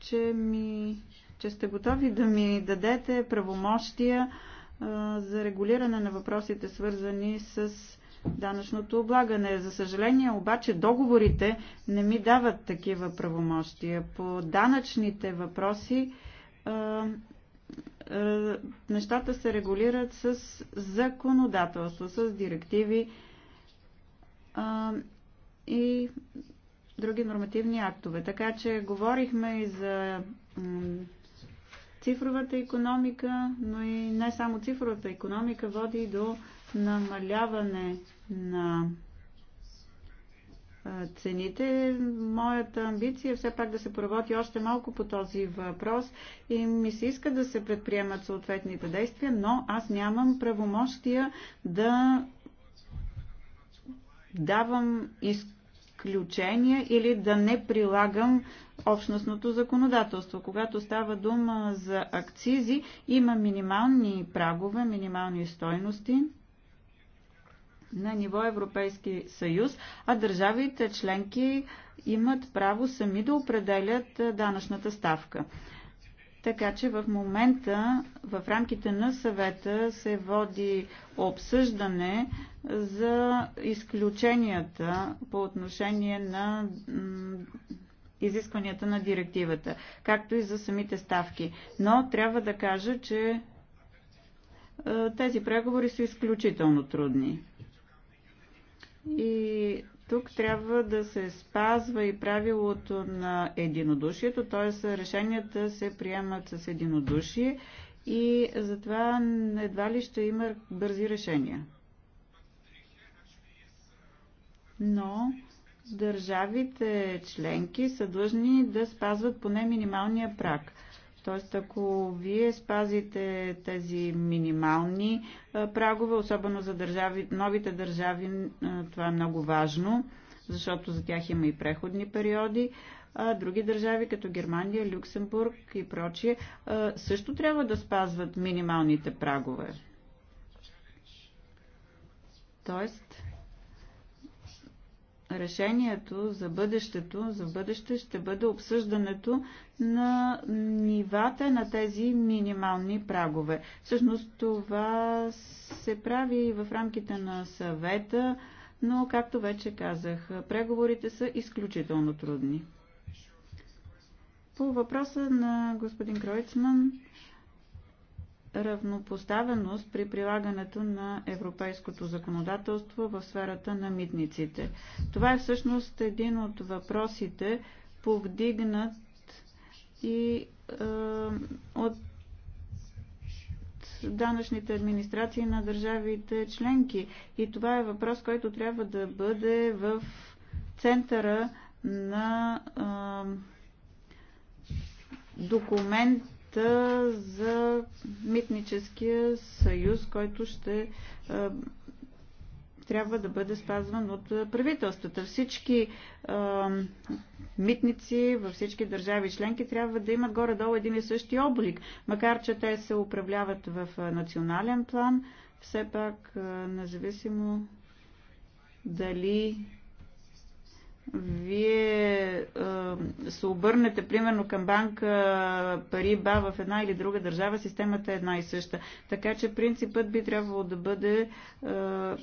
Speaker 2: че, ми, че сте готови да ми дадете правомощия а, за регулиране на въпросите, свързани с данъчното облагане. За съжаление, обаче, договорите не ми дават такива правомощия. По данъчните въпроси а, а, нещата се регулират с законодателство, с директиви и други нормативни актове. Така че говорихме и за цифровата економика, но и не само цифровата економика води до намаляване на цените. Моята амбиция е все пак да се поработи още малко по този въпрос и ми се иска да се предприемат съответните действия, но аз нямам правомощия да давам изключения изключения или да не прилагам общностното законодателство. Когато става дума за акцизи, има минимални прагове, минимални стойности на ниво Европейски съюз, а държавите членки имат право сами да определят данъчната ставка. Така че в момента в рамките на съвета се води обсъждане за изключенията по отношение на изискванията на директивата, както и за самите ставки. Но трябва да кажа, че е, тези преговори са изключително трудни. И тук трябва да се спазва и правилото на единодушието, т.е. решенията се приемат с единодушие и затова едва ли ще има бързи решения но държавите членки са длъжни да спазват поне минималния прак. Тоест, ако вие спазите тези минимални прагове, особено за държави, новите държави, това е много важно, защото за тях има и преходни периоди, а други държави, като Германия, Люксембург и прочие, също трябва да спазват минималните прагове. Тоест, решението за бъдещето, за бъдеще ще бъде обсъждането на нивата на тези минимални прагове. Всъщност това се прави и в рамките на съвета, но както вече казах, преговорите са изключително трудни. По въпроса на господин Кройцман, равнопоставеност при прилагането на европейското законодателство в сферата на митниците. Това е всъщност един от въпросите, повдигнат и е, от данъчните администрации на държавите членки. И това е въпрос, който трябва да бъде в центъра на е, документ проекта за митническия съюз, който ще трябва да бъде спазван от правителствата. Всички е, митници във всички държави членки трябва да имат горе-долу един и същи облик. Макар, че те се управляват в национален план, все пак, е, независимо дали вие а, се обърнете примерно към банка Париба в една или друга държава, системата е една и съща. Така че принципът би трябвало да бъде а,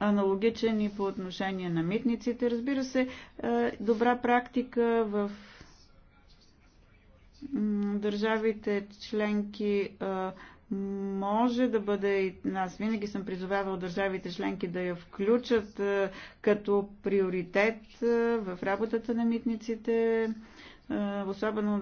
Speaker 2: аналогичен и по отношение на митниците. Разбира се, а, добра практика в държавите членки а, може да бъде, аз винаги съм призовавал държавите членки да я включат е, като приоритет е, в работата на митниците, е, особено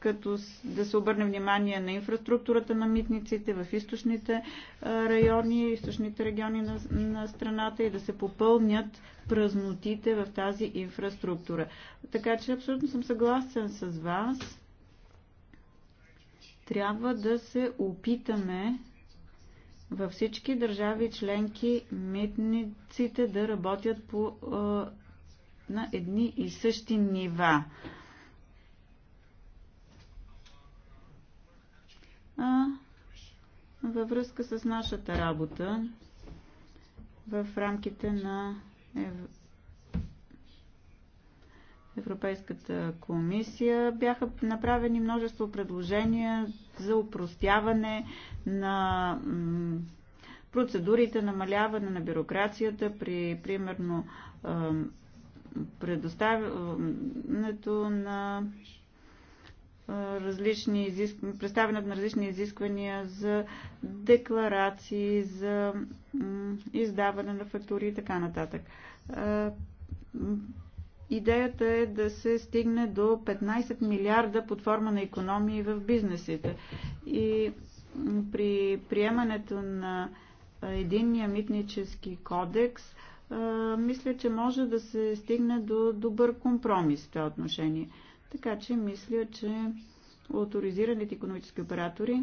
Speaker 2: като да се обърне внимание на инфраструктурата на митниците в източните райони, източните региони на, на страната и да се попълнят празнотите в тази инфраструктура. Така че абсолютно съм съгласен с вас трябва да се опитаме във всички държави членки митниците да работят по, е, на едни и същи нива. А, във връзка с нашата работа в рамките на Европейската комисия бяха направени множество предложения за упростяване на процедурите, намаляване на бюрокрацията при, примерно, предоставянето на различни изисквания, представянето на различни изисквания за декларации, за издаване на фактури и така нататък Идеята е да се стигне до 15 милиарда под форма на економии в бизнесите. И при приемането на единния митнически кодекс, мисля, че може да се стигне до добър компромис в това отношение. Така че мисля, че авторизираните економически оператори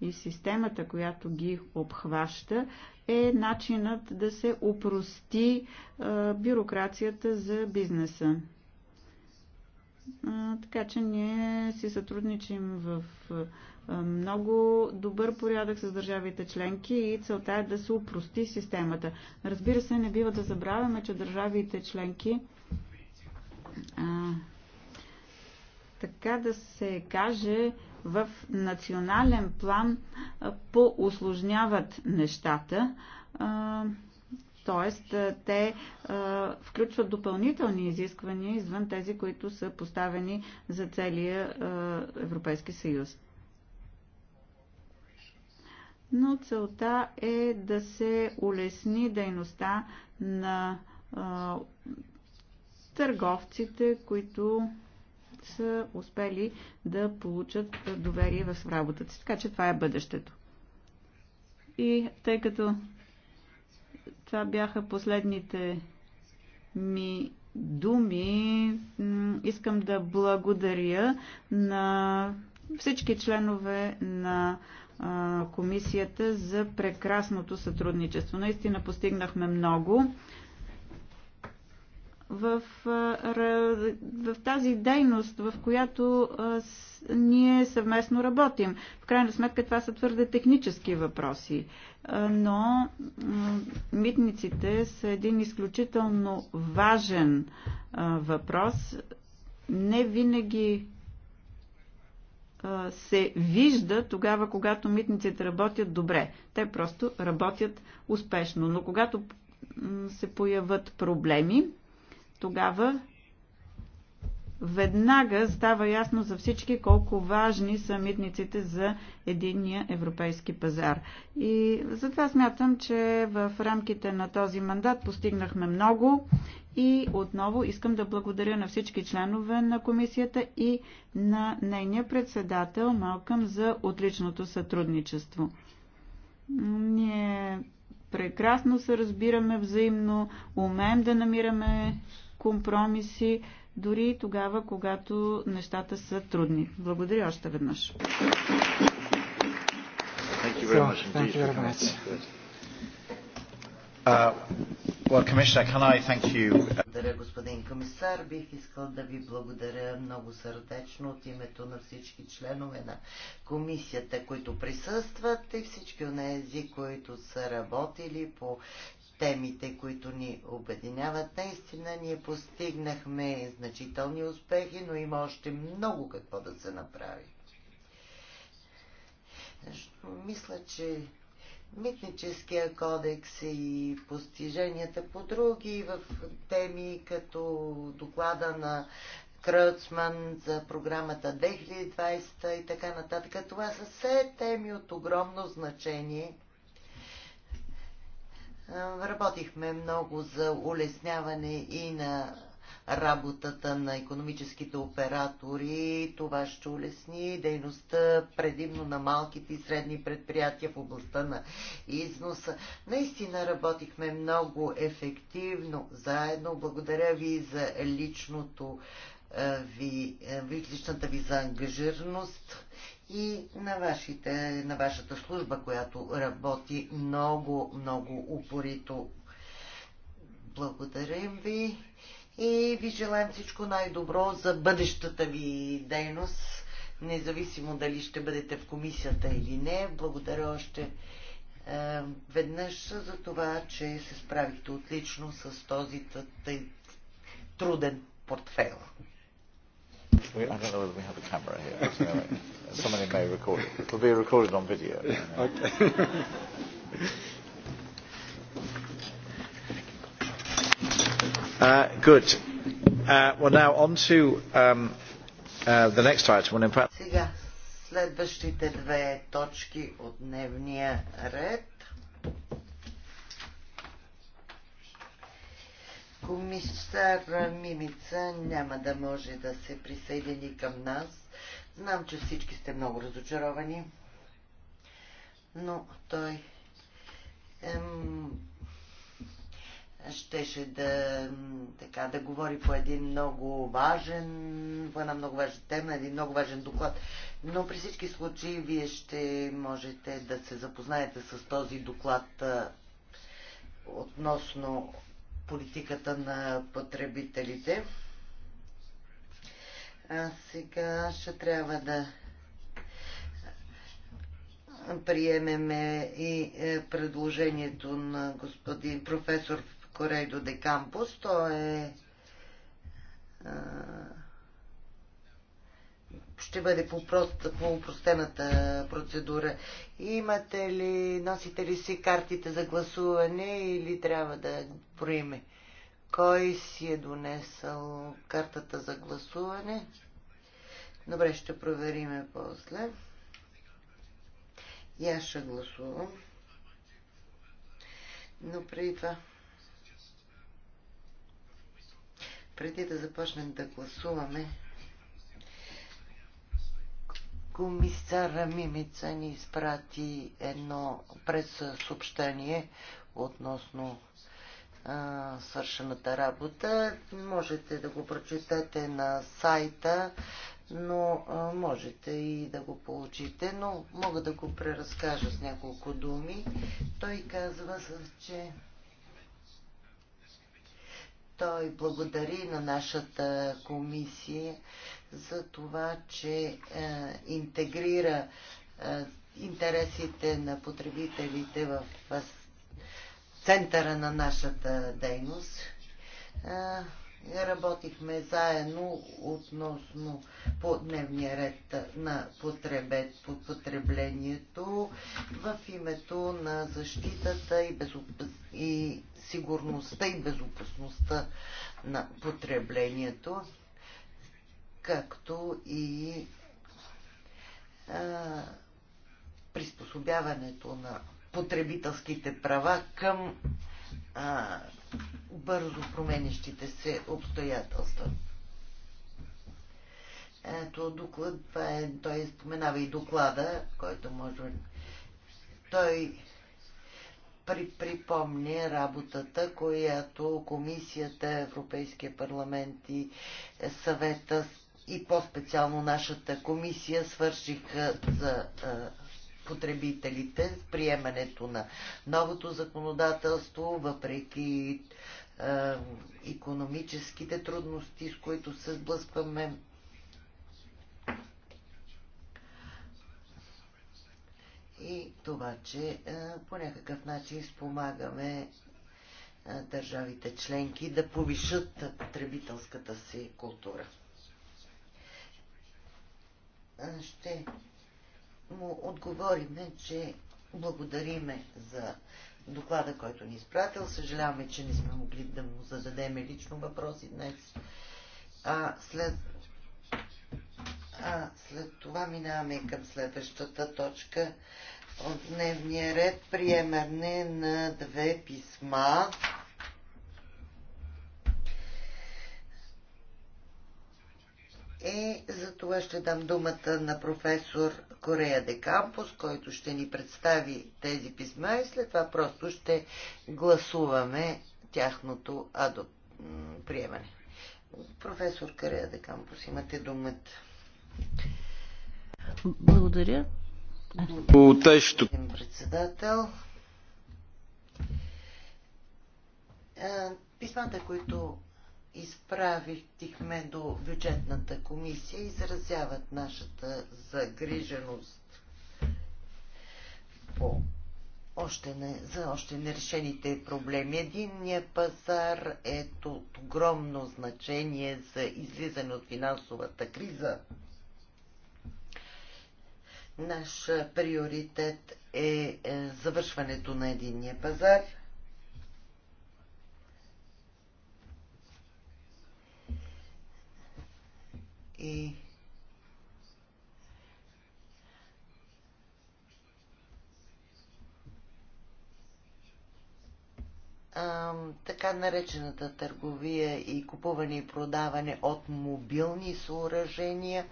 Speaker 2: и системата, която ги обхваща, е начинът да се опрости е, бюрокрацията за бизнеса. Е, така че ние си сътрудничим в е, много добър порядък с държавите членки и целта е да се упрости системата. Разбира се, не бива да забравяме, че държавите членки а, така да се каже, в национален план по-осложняват нещата. т.е. те включват допълнителни изисквания извън тези, които са поставени за целия Европейски съюз. Но целта е да се улесни дейността на търговците, които са успели да получат доверие в работата си. Така че това е бъдещето. И тъй като това бяха последните ми думи, искам да благодаря на всички членове на комисията за прекрасното сътрудничество. Наистина постигнахме много в, в тази дейност, в която ние съвместно работим. В крайна сметка това са твърде технически въпроси, но митниците са един изключително важен въпрос. Не винаги се вижда тогава, когато митниците работят добре. Те просто работят успешно. Но когато се появят проблеми, тогава веднага става ясно за всички колко важни са митниците за единния европейски пазар. И затова смятам, че в рамките на този мандат постигнахме много и отново искам да благодаря на всички членове на комисията и на нейния председател Малкъм за отличното сътрудничество. Ние прекрасно се разбираме взаимно, умеем да намираме компромиси, дори и тогава, когато нещата са трудни. Благодаря още веднъж.
Speaker 1: Uh, благодаря, господин
Speaker 3: комисар. Бих искал да ви благодаря много сърдечно от името на всички членове на комисията, които присъстват и всички от тези, които са работили по темите, които ни обединяват. Наистина ние постигнахме значителни успехи, но има още много какво да се направи. Мисля, че митническия кодекс и постиженията по други в теми, като доклада на Кръцман за програмата 2020 и така нататък. Това са все теми от огромно значение – е, работихме много за улесняване и на работата на економическите оператори. Това ще улесни дейността предимно на малките и средни предприятия в областта на износа. Наистина работихме много ефективно заедно. Благодаря ви за личното е, ви, е, личната ви заангажираност и на, вашите, на вашата служба, която работи много, много упорито. Благодарим ви и ви желаем всичко най-добро за бъдещата ви дейност, независимо дали ще бъдете в комисията или не. Благодаря още е, веднъж за това, че се справихте отлично с този тъй труден портфел.
Speaker 1: I don't know whether we have a camera here somebody may record it. It will be recorded on video. uh, good. Uh, well, now on to um, uh, the next item. In fact...
Speaker 3: Сега, следващите две точки от дневния ред. Комисар Мимица няма да може да се присъедини към нас Знам, че всички сте много разочаровани, но той ем, щеше да, така, да говори по един много важен, по една много важна тема, един много важен доклад. Но при всички случаи вие ще можете да се запознаете с този доклад е, относно политиката на потребителите. А сега ще трябва да приемеме и е, предложението на господин професор Корейдо де Кампус. То е ще бъде по, прост, по упростената процедура. Имате ли, носите ли си картите за гласуване или трябва да проиме? Кой си е донесъл картата за гласуване? Добре, ще провериме после. И аз ще гласувам. Но преди това... Преди да започнем да гласуваме, комисара Мимица ни изпрати едно предсъобщение относно свършената работа. Можете да го прочетете на сайта, но а, можете и да го получите, но мога да го преразкажа с няколко думи. Той казва, че той благодари на нашата комисия за това, че а, интегрира а, интересите на потребителите в центъра на нашата дейност. Работихме заедно относно по дневния ред на потребет, по потреблението в името на защитата и, безопас... и сигурността и безопасността на потреблението, както и а, приспособяването на потребителските права към а, бързо променящите се обстоятелства. Ето доклад, това е, той споменава и доклада, който може... Той при, припомни работата, която Комисията, Европейския парламент и съвета и по-специално нашата комисия свършиха за а, потребителите, приемането на новото законодателство, въпреки е, економическите трудности, с които се сблъскваме. И това, че е, по някакъв начин спомагаме е, държавите членки да повишат потребителската си култура. Е, ще му отговориме, че благодариме за доклада, който ни е изпратил. Съжаляваме, че не сме могли да му зададем лично въпроси днес. А след, а след това минаваме към следващата точка от дневния ред. Приемане на две писма. е това ще дам думата на професор Корея де Кампус, който ще ни представи тези писма и след това просто ще гласуваме тяхното адо... приемане. Професор Корея де Кампус, имате думата.
Speaker 4: Благодаря. Тещо. Председател. Писмата,
Speaker 3: които изправихме до бюджетната комисия, изразяват нашата загриженост по още не, за още нерешените проблеми. Единният пазар е от огромно значение за излизане от финансовата криза. Наш приоритет е, е завършването на единния пазар – и така наречената търговия и купуване и продаване от мобилни съоръжения.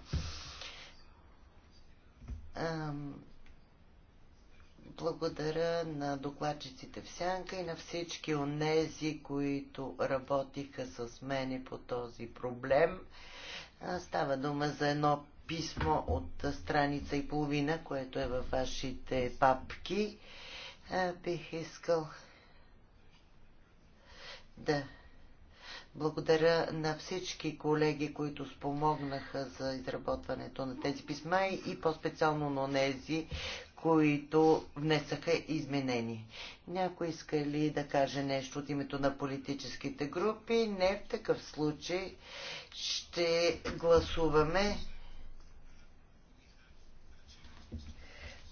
Speaker 3: Благодаря на докладчиците в Сянка и на всички онези, които работиха с мене по този проблем. Става дума за едно писмо от страница и половина, което е във вашите папки. Бих искал да благодаря на всички колеги, които спомогнаха за изработването на тези писма и по-специално на тези, които внесаха изменени. Някой иска ли да каже нещо от името на политическите групи? Не, в такъв случай ще гласуваме.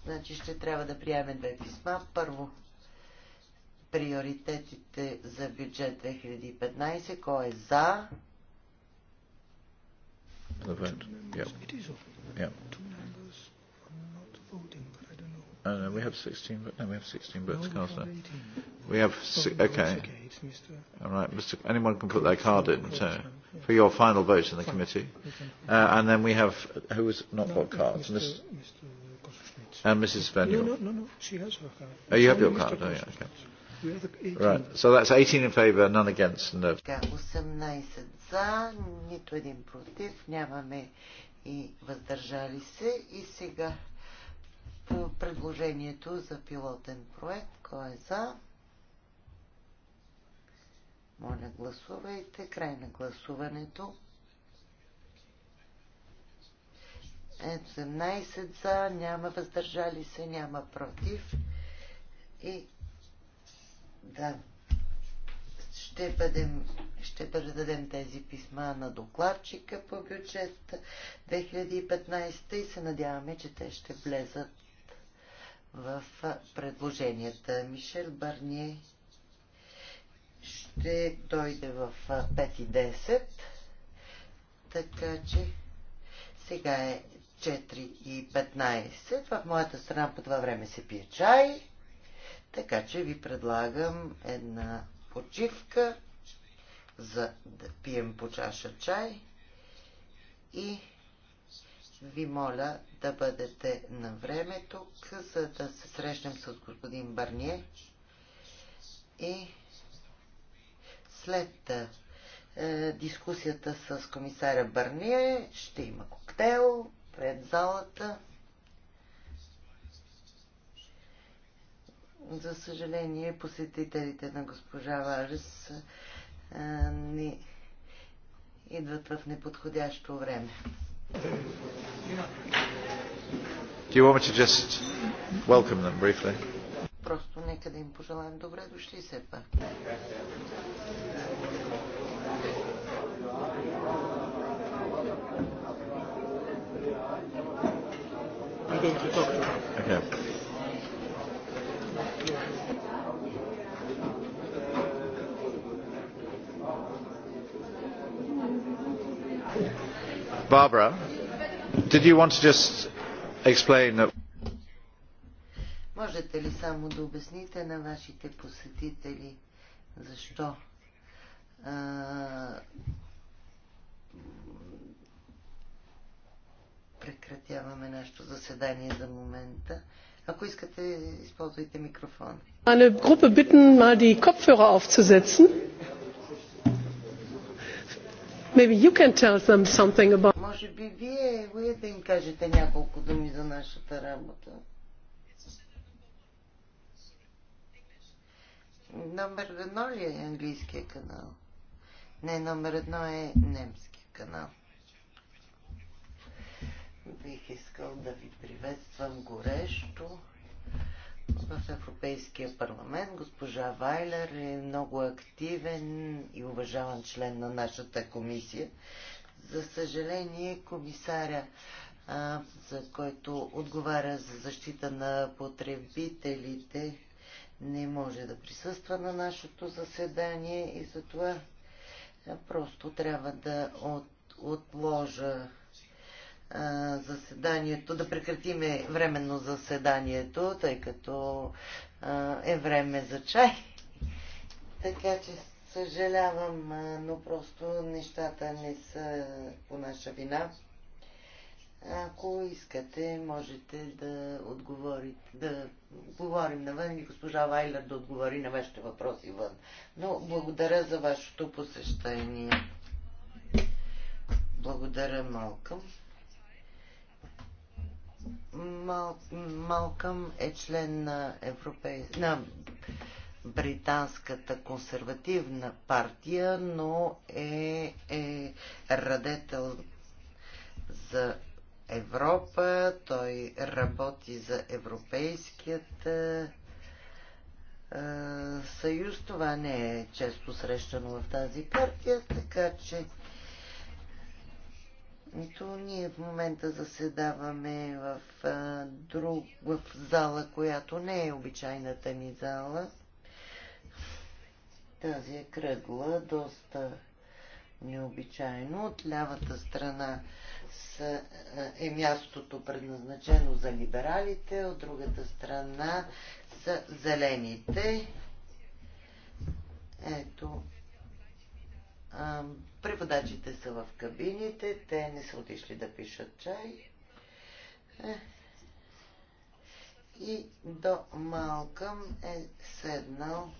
Speaker 3: Значи ще трябва да приемем две писма. Първо, приоритетите за бюджет 2015. Кой е за?
Speaker 1: Yeah. Yeah. No, no, we have 16, but no, we have 16 votes no, cast now. We have, si- okay. All right, Mr. Anyone can put their card in so, for your final vote in the committee. Uh, and then we have, who has not got cards? Mr. Mr. And Mrs. Venue. No, no, no, no, she has her card. Oh, you have your card, oh, yeah, okay. Right. So that's 18 in favour, none against. and No.
Speaker 3: 18 за, нито един против, нямаме и въздържали се. И сега предложението за пилотен проект. Кой е за? Моля, гласувайте. Край на гласуването. 17 за, няма въздържали се, няма против. И да, ще, бъдем, ще предадем тези писма на докладчика по бюджет 2015 и се надяваме, че те ще влезат в предложенията. Мишел Барние ще дойде в 5.10, така че сега е 4.15. В моята страна по това време се пие чай, така че ви предлагам една почивка за да пием по чаша чай и ви моля да бъдете на време тук, за да се срещнем с господин Барние. И след е, дискусията с комисаря Барние ще има коктейл пред залата. За съжаление, посетителите на госпожа Варес е, ни идват в неподходящо време. Do
Speaker 1: you want me to just welcome them briefly?
Speaker 3: Просто нека да им пожелаем добре дошли все пак.
Speaker 1: Okay. Thank you. Barbara, did you want to just explain that...
Speaker 3: Можете ли само да обясните на вашите посетители защо а, прекратяваме нашето заседание за момента? Ако искате, използвайте микрофон.
Speaker 2: Eine Gruppe bitten, mal die Kopfhörer aufzusetzen.
Speaker 4: Maybe you can tell them something about може би
Speaker 3: вие, вие да им кажете няколко думи за нашата работа. Номер едно ли е английския канал? Не, номер едно е немския канал. Бих искал да ви приветствам горещо в Европейския парламент. Госпожа Вайлер е много активен и уважаван член на нашата комисия. За съжаление, комисаря, а, за който отговаря за защита на потребителите, не може да присъства на нашето заседание и затова просто трябва да от, отложа а, заседанието, да прекратиме временно заседанието, тъй като а, е време за чай. Така че съжалявам, но просто нещата не са по наша вина. Ако искате, можете да отговорите, да говорим навън и госпожа Вайлер да отговори на вашите въпроси вън. Но благодаря за вашето посещение. Благодаря, Малкъм. Мал, Малкъм е член на, Европей... на британската консервативна партия, но е, е радетел за Европа. Той работи за Европейският е, е съюз. Това не е често срещано в тази партия, така че то ние в момента заседаваме в, а, е, друг, в зала, която не е обичайната ни зала. Тази е кръгла, доста необичайно. От лявата страна е, е мястото предназначено за либералите, от другата страна са зелените. Ето, преподачите са в кабините, те не са отишли да пишат чай. Е, и до Малкъм е седнал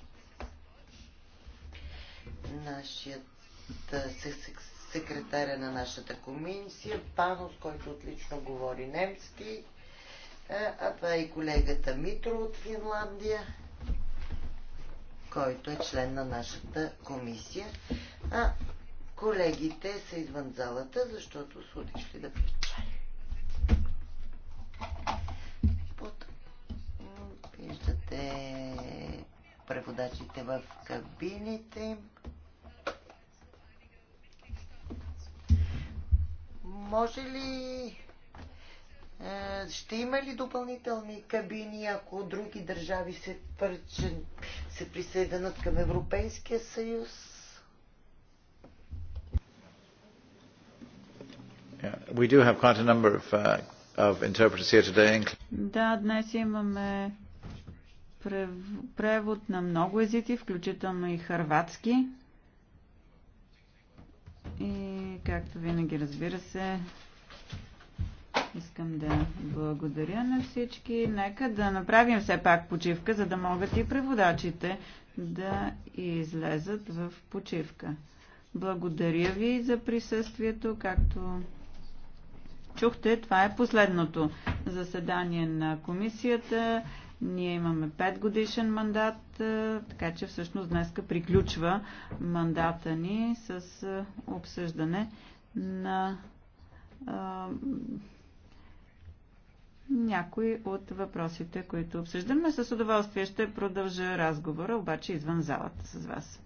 Speaker 3: нашият секретаря на нашата комисия, Панос, който отлично говори немски, а това е и колегата Митро от Финландия, който е член на нашата комисия. А колегите са извън залата, защото са отишли да пият чай. Под... Виждате преводачите в кабините. Може ли е, ще има ли допълнителни кабини, ако други държави се, пърчен, се присъединят към Европейския съюз?
Speaker 1: Yeah, of, uh, of today,
Speaker 2: Да, днес имаме превод на много езици, включително и харватски. И както винаги, разбира се, искам да благодаря на всички. Нека да направим все пак почивка, за да могат и преводачите да излезат в почивка. Благодаря ви за присъствието, както чухте, това е последното заседание на комисията. Ние имаме 5 годишен мандат, е, така че всъщност днеска приключва мандата ни с е, обсъждане на е, някои от въпросите, които обсъждаме. С удоволствие ще продължа разговора, обаче извън залата с вас.